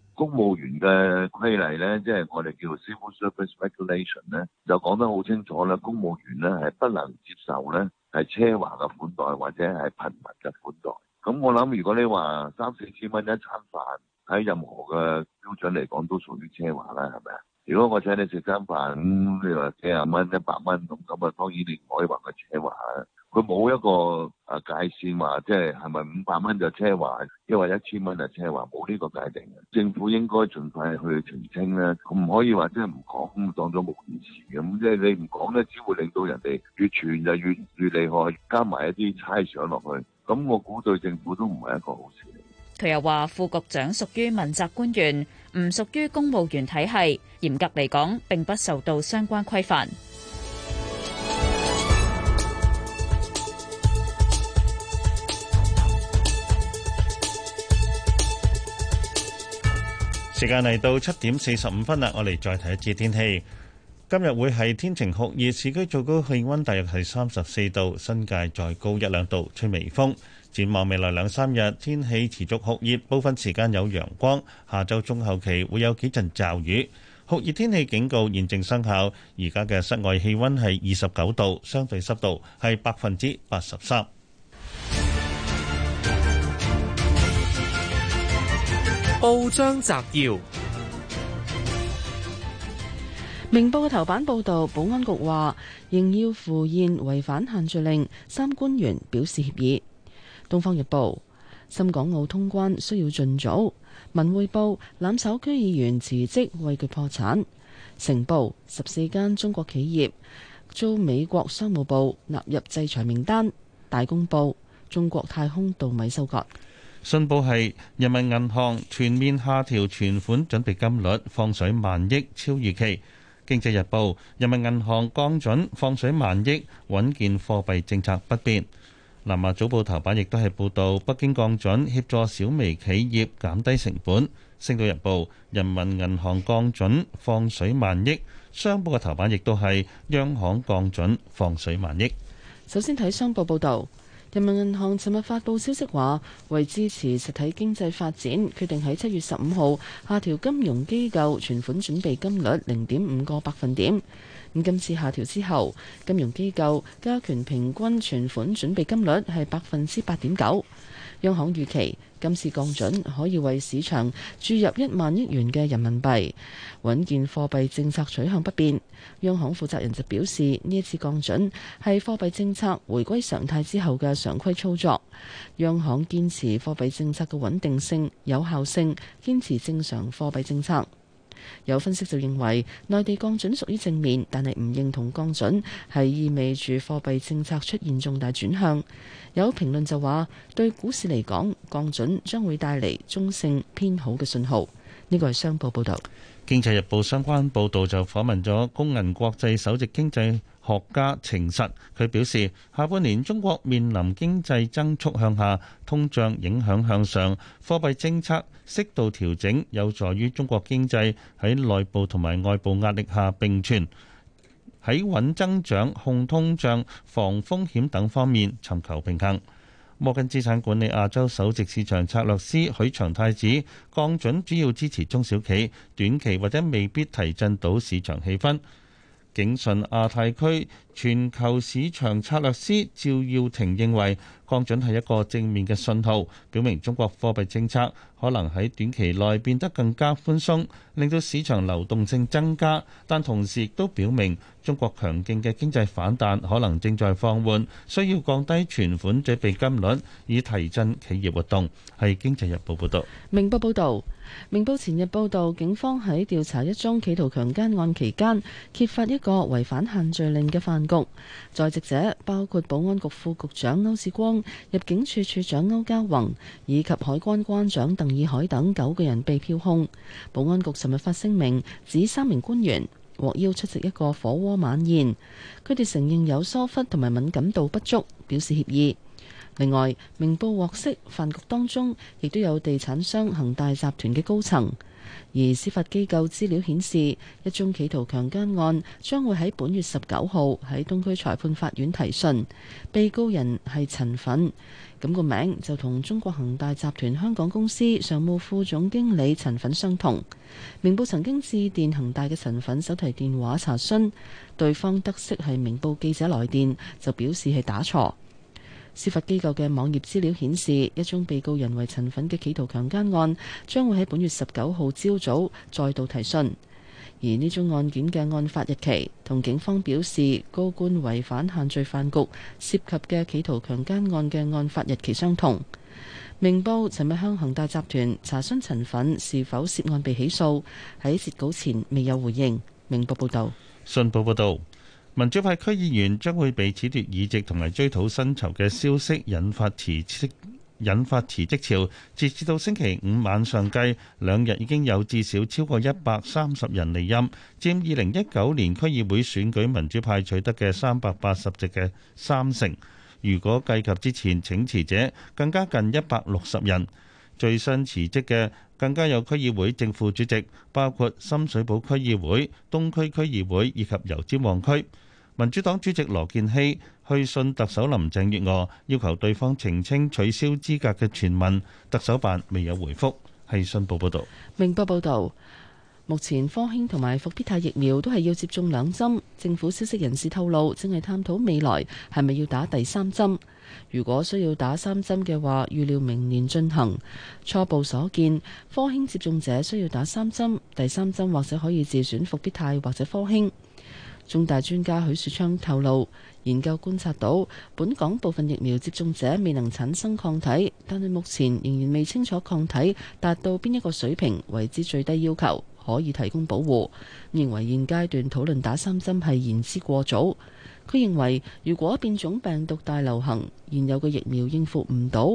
公務員嘅規例咧，即係我哋叫 civil service regulation 咧，就講得好清楚啦。公務員咧係不能接受咧係奢華嘅款待，或者係頻密嘅款待。咁我諗，如果你話三四千蚊一餐飯，喺任何嘅標準嚟講都屬於奢華啦，係咪啊？如果我請你食餐飯，咁、嗯、你話幾廿蚊、一百蚊咁啊，當然你唔可以話佢奢華啊。佢冇一個啊界線話，即係係咪五百蚊就奢華，亦或一千蚊就奢華，冇呢個界定嘅。政府應該儘快去澄清咧，唔可以話即係唔講，當咗冇言事嘅。咁即係你唔講咧，只會令到人哋越傳就越越，越厲害，加埋一啲猜想落去，咁我估對政府都唔係一個好事嚟。佢又話，副局長屬於問責官員，唔屬於公務員體系，嚴格嚟講，並不受到相關規範。時間嚟到七點四十五分啦，我哋再睇一次天氣。今日會係天晴酷熱，市區最高氣溫大約係三十四度，新界再高一兩度，吹微風。展望未來兩三日天氣持續酷熱，部分時間有陽光。下周中後期會有幾陣驟雨，酷熱天氣警告現正生效。而家嘅室外氣溫係二十九度，相對濕度係百分之八十三。報章摘要：明報嘅頭版報道，保安局話仍要浮現違反限聚令，三官員表示協議。東方日報：深港澳通關需要盡早。文匯報：攬手區議員辭職畏懼破產。成報：十四間中國企業遭美國商務部納入制裁名單。大公報：中國太空稻米收割。信報係人民銀行全面下調存款準備金率，放水萬億超預期。經濟日報人民銀行降準放水萬億，穩健貨幣政策不變。南華早報頭版亦都係報導北京降準協助小微企業減低成本。星島日報人民銀行降準放水萬億。商報嘅頭版亦都係央行降準放水萬億。首先睇商報報導。人民銀行尋日發佈消息話，為支持實體經濟發展，決定喺七月十五號下調金融機構存款準備金率零點五個百分點。咁今次下調之後，金融機構加權平均存款準備金率係百分之八點九。央行預期。今次降準可以為市場注入一萬億元嘅人民幣，穩健貨幣政策取向不變，央行負責人就表示，呢一次降準係貨幣政策回歸常態之後嘅常規操作，央行堅持貨幣政策嘅穩定性、有效性，堅持正常貨幣政策。有分析就認為，內地降準屬於正面，但係唔認同降準係意味住貨幣政策出現重大轉向。有評論就話，對股市嚟講，降準將會帶嚟中性偏好嘅信號。呢個係商報報道。經濟日報相關報導就訪問咗工銀國際首席經濟學家程實，佢表示下半年中國面臨經濟增速向下、通脹影響向上，貨幣政策適度調整有助於中國經濟喺內部同埋外部壓力下並存，喺穩增長、控通脹、防風險等方面尋求平衡。摩根資產管理亞洲首席市場策略師許長泰指，降準主要支持中小企，短期或者未必提振到市場氣氛。警景順亞太區全球市場策略師趙耀庭認為，降準係一個正面嘅信號，表明中國貨幣政策可能喺短期內變得更加寬鬆，令到市場流動性增加。但同時亦都表明中國強勁嘅經濟反彈可能正在放緩，需要降低存款準備金率以提振企業活動。係《經濟日報》報道，明報報道。明報前日報道，警方喺調查一宗企圖強奸案期間，揭發一個違反限聚令嘅飯局，在席者包括保安局副局長歐志光、入境處處長歐家宏以及海關關長鄧以海等九個人被票控。保安局尋日發聲明指三名官員獲邀出席一個火鍋晚宴，佢哋承認有疏忽同埋敏感度不足，表示歉意。另外，明報獲悉，飯局當中亦都有地產商恒大集團嘅高層。而司法機構資料顯示，一宗企圖強姦案將會喺本月十九號喺東區裁判法院提訊，被告人係陳粉，咁個名就同中國恒大集團香港公司常務副總經理陳粉相同。明報曾經致電恒大嘅陳粉手提電話查詢，對方得悉係明報記者來電，就表示係打錯。司法機構嘅網頁資料顯示，一宗被告人為陳粉嘅企圖強姦案將會喺本月十九號朝早再度提訊。而呢宗案件嘅案發日期同警方表示高官違反限聚飯局涉及嘅企圖強姦案嘅案發日期相同。明報尋日向恒大集團查詢陳粉是否涉案被起訴，喺截稿前未有回應。明報報道。信報報道。民主派區議員將會被褫奪議席同埋追討薪酬嘅消息，引發辭職，引發辭職潮。截至到星期五晚上計，兩日已經有至少超過一百三十人離任，佔二零一九年區議會選舉民主派取得嘅三百八十席嘅三成。如果計及之前請辭者，更加近一百六十人。最新辭職嘅更加有區議會正副主席，包括深水埗區議會、東區區議會以及油尖旺區。民主黨主席羅健熙去信特首林鄭月娥，要求對方澄清取消資格嘅傳聞。特首辦未有回覆。係信報報道：「明報報導，目前科興同埋復必泰疫苗都係要接種兩針。政府消息人士透露，正係探討未來係咪要打第三針。如果需要打三針嘅話，預料明年進行。初步所見，科興接種者需要打三針，第三針或者可以自選復必泰或者科興。中大專家許樹昌透露，研究觀察到本港部分疫苗接種者未能產生抗體，但係目前仍然未清楚抗體達到邊一個水平為之最低要求，可以提供保護。認為現階段討論打三針係言之過早。佢認為如果變種病毒大流行，現有嘅疫苗應付唔到，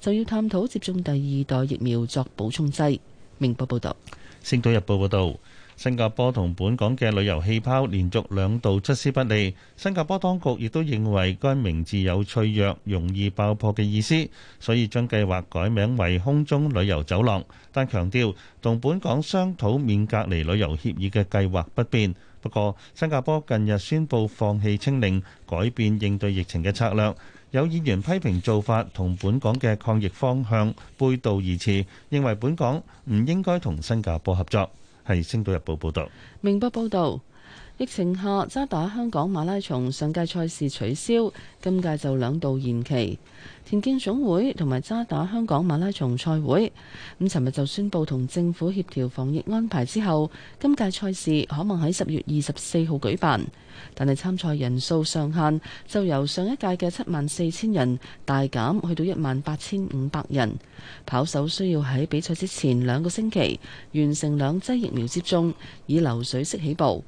就要探討接種第二代疫苗作補充劑。明報報道。《星島日報》報導。新加坡同本港嘅旅遊氣泡連續兩度出師不利，新加坡當局亦都認為該名字有脆弱、容易爆破嘅意思，所以將計劃改名為空中旅遊走廊。但強調同本港商討免隔離旅遊協議嘅計劃不變。不過，新加坡近日宣布放棄清零，改變應對疫情嘅策略。有議員批評做法同本港嘅抗疫方向背道而馳，認為本港唔應該同新加坡合作。係《星島日報》報道，明報報道。疫情下渣打香港馬拉松上屆賽事取消，今屆就兩度延期。田徑總會同埋渣打香港馬拉松賽會咁，尋日就宣布同政府協調防疫安排之後，今屆賽事可望喺十月二十四號舉辦。但係參賽人數上限就由上一屆嘅七萬四千人大減去到一萬八千五百人。跑手需要喺比賽之前兩個星期完成兩劑疫苗接種，以流水式起步。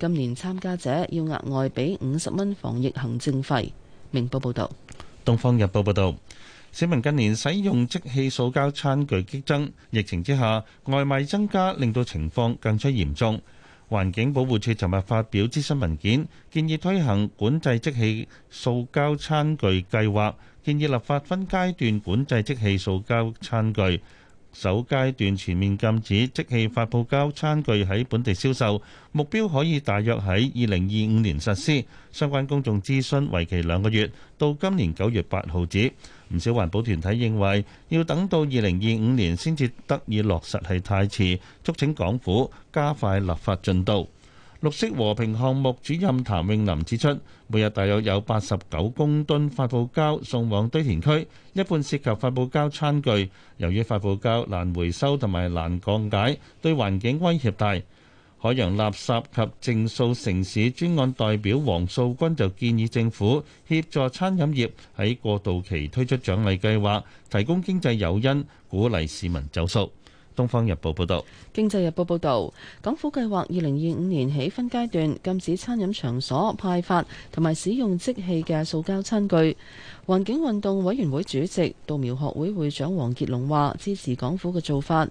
今年參加者要額外俾五十蚊防疫行政費。明報報導，東方日報報導，市民近年使用即棄塑膠餐具激增，疫情之下外賣增加，令到情況更趨嚴重。環境保護署尋日發表諮詢文件，建議推行管制即棄塑膠餐具計劃，建議立法分階段管制即棄塑膠餐具。首階段全面禁止即棄發泡膠餐具喺本地銷售，目標可以大約喺二零二五年實施。相關公眾諮詢為期兩個月，到今年九月八號止。唔少環保團體認為要等到二零二五年先至得以落實係太遲，促請港府加快立法進度。綠色和平項目主任譚詠林指出。每日大約有八十九公噸發泡膠送往堆填區，一半涉及發泡膠餐具。由於發泡膠難回收同埋難降解，對環境威脅大。海洋垃圾及淨塑城市專案代表黃素君就建議政府協助餐飲業喺過渡期推出獎勵計劃，提供經濟誘因，鼓勵市民走塑。《東方日報》報道，《經濟日報》報導，港府計劃二零二五年起分階段禁止餐飲場所派發同埋使用即棄嘅塑膠餐具。環境運動委員會主席、稻苗學會會長黃傑龍話：支持港府嘅做法。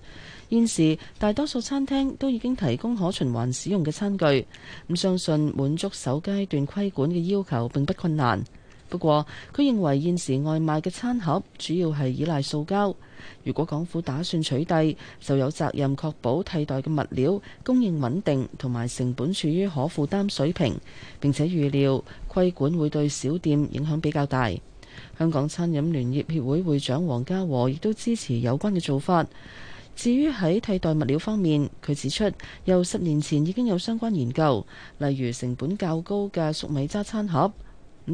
現時大多數餐廳都已經提供可循環使用嘅餐具，咁相信滿足首階段規管嘅要求並不困難。不過，佢認為現時外賣嘅餐盒主要係依賴塑膠。如果港府打算取締，就有責任確保替代嘅物料供應穩定同埋成本處於可負擔水平，並且預料規管會對小店影響比較大。香港餐飲聯業協會會長黃家和亦都支持有關嘅做法。至於喺替代物料方面，佢指出由十年前已經有相關研究，例如成本較高嘅粟米渣餐盒。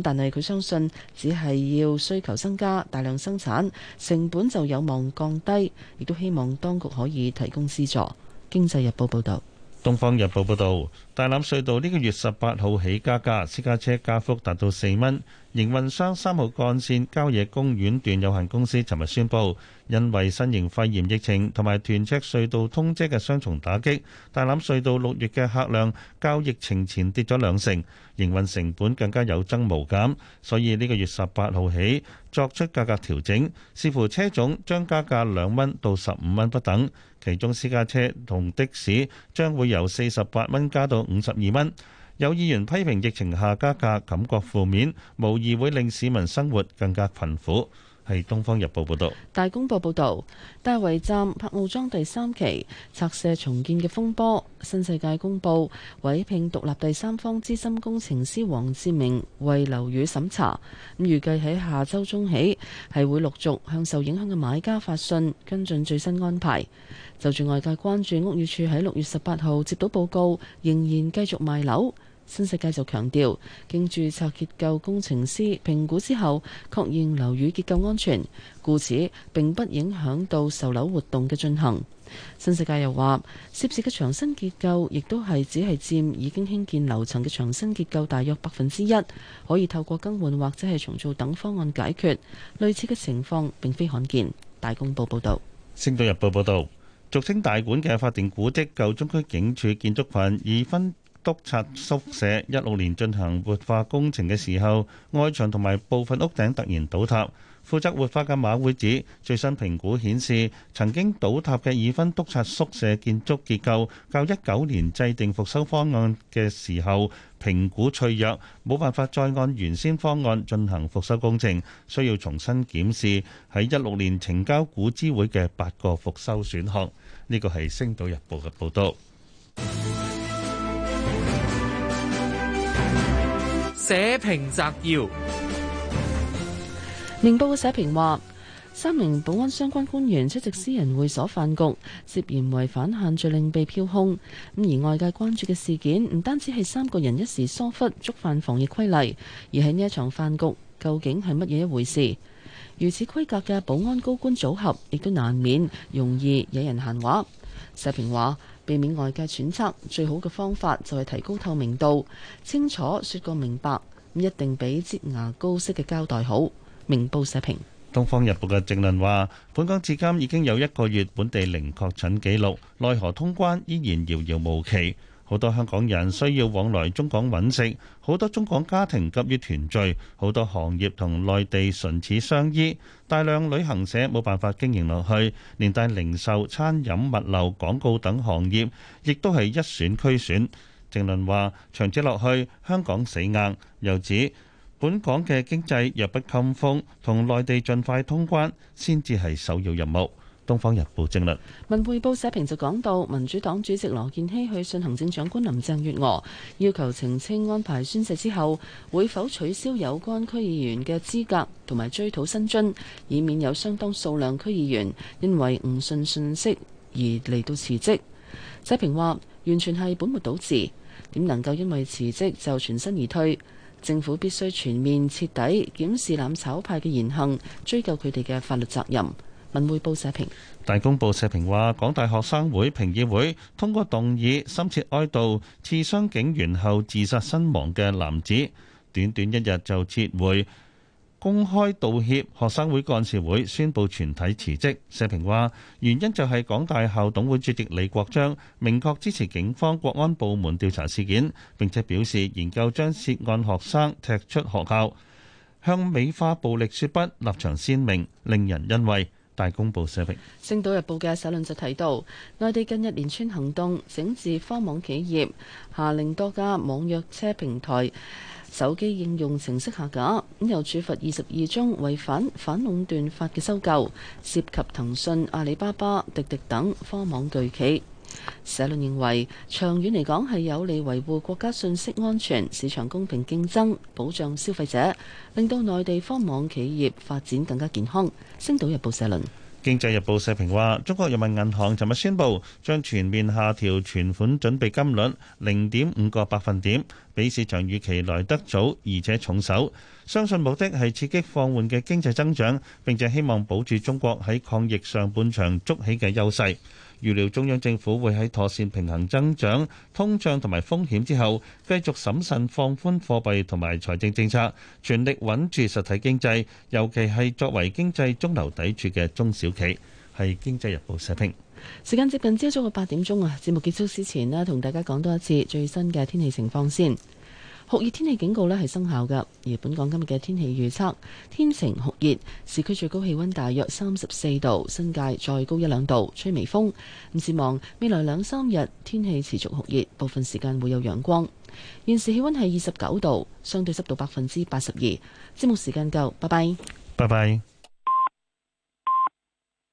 但係佢相信，只係要需求增加、大量生產，成本就有望降低，亦都希望當局可以提供資助。經濟日報報導。《東方日報》報導，大欖隧道呢個月十八號起加價，私家車加幅達到四蚊。營運商三號幹線郊野公園段有限公司尋日宣佈，因為新型肺炎疫情同埋屯赤隧道通車嘅雙重打擊，大欖隧道六月嘅客量較疫情前跌咗兩成，營運成本更加有增無減，所以呢個月十八號起作出價格調整，視乎車種將加價兩蚊到十五蚊不等。其中私家車同的士將會由四十八蚊加到五十二蚊。有議員批評疫情下加價感覺負面，無疑會令市民生活更加貧苦。係《東方日報》報道，《大公報》報道，大圍站柏傲莊第三期拆卸重建嘅風波，新世界公布委聘獨立第三方資深工程師黃志明為樓宇審查，咁預計喺下周中起係會陸續向受影響嘅買家發信跟進最新安排。就住外界關注屋宇署喺六月十八號接到報告，仍然繼續賣樓。新世界就強調，經註冊結構工程師評估之後，確認樓宇結構安全，故此並不影響到售樓活動嘅進行。新世界又話，涉事嘅牆身結構亦都係只係佔已經興建樓層嘅牆身結構大約百分之一，可以透過更換或者係重做等方案解決。類似嘅情況並非罕見。大公報報道，《星島日報》報道，俗稱大館嘅法定古蹟舊中區警署建築群已分。督察宿舍一六年進行活化工程嘅時候，外牆同埋部分屋頂突然倒塌。負責活化嘅馬會指，最新評估顯示，曾經倒塌嘅已婚督察宿舍建築結構，較一九年制定復修方案嘅時候評估脆弱，冇辦法再按原先方案進行復修工程，需要重新檢視，喺一六年呈交古諮會嘅八個復修選項。呢個係《星島日報》嘅報道。社評摘要：明報嘅社評話，三名保安相關官員出席私人會所飯局，涉嫌違反限聚令被票控。咁而外界關注嘅事件，唔單止係三個人一時疏忽觸犯防疫規例，而喺呢一場飯局究竟係乜嘢一回事？如此規格嘅保安高官組合，亦都難免容易惹人閒話。社評話。避免外界揣測，最好嘅方法就係提高透明度，清楚説個明白，一定比擠牙膏式嘅交代好。明報社評，《東方日報》嘅政論話：本港至今已經有一個月本地零確診記錄，奈何通關依然遙遙無期。好多香港人需要往來中港揾食，好多中港家庭急於團聚，好多行業同內地唇齒相依，大量旅行社冇辦法經營落去，連帶零售、餐飲、物流、廣告等行業，亦都係一損俱損。鄭倫話：長此落去，香港死硬。又指本港嘅經濟弱不禁風，同內地盡快通關，先至係首要任務。《東方日報》正論文匯報社評就講到，民主黨主席羅健熙去信行政長官林鄭月娥，要求澄清安排宣誓之後，會否取消有關區議員嘅資格同埋追討薪津，以免有相當數量區議員因為唔信信息而嚟到辭職。社評話，完全係本末倒置，點能夠因為辭職就全身而退？政府必須全面徹底檢視攬炒派嘅言行，追究佢哋嘅法律責任。文匯報社評大公報社評話，港大學生會評議會通過動議，深切哀悼刺傷警員後自殺身亡嘅男子。短短一日就撤回公開道歉，學生會幹事會宣佈全體辭職。社評話原因就係港大校董會主席李國章明確支持警方國安部門調查事件，並且表示研究將涉案學生踢出學校，向美化暴力說不，立場鮮明，令人欣慰。大公報社評，《星島日報》嘅首論就提到，內地近日連串行動整治科網企業，下令多家網約車平台手機應用程式下架，咁又處罰二十二宗違反反壟斷法嘅收購，涉及騰訊、阿里巴巴、滴滴等科網巨企。社論認為，長遠嚟講係有利維護國家信息安全、市場公平競爭、保障消費者，令到內地科網企業發展更加健康。星島日報社論，經濟日報社評話：中國人民銀行尋日宣布，將全面下調存款準備金率零點五個百分點，比市場預期來得早而且重手。相信目的係刺激放緩嘅經濟增長，並且希望保住中國喺抗疫上半場捉起嘅優勢。預料中央政府會喺妥善平衡增長、通脹同埋風險之後，繼續審慎放寬貨幣同埋財政政策，全力穩住實體經濟，尤其係作為經濟中流砥柱嘅中小企。係《經濟日報》社評。時間接近朝早嘅八點鐘啊，節目結束之前呢，同大家講多一次最新嘅天氣情況先。酷熱天氣警告咧，係生效嘅，而本港今日嘅天氣預測天晴酷熱，市區最高氣溫大約三十四度，新界再高一兩度，吹微風。唔指望未來兩三日天氣持續酷熱，部分時間會有陽光。現時氣溫係二十九度，相對濕度百分之八十二。節目時間夠，拜拜。拜拜。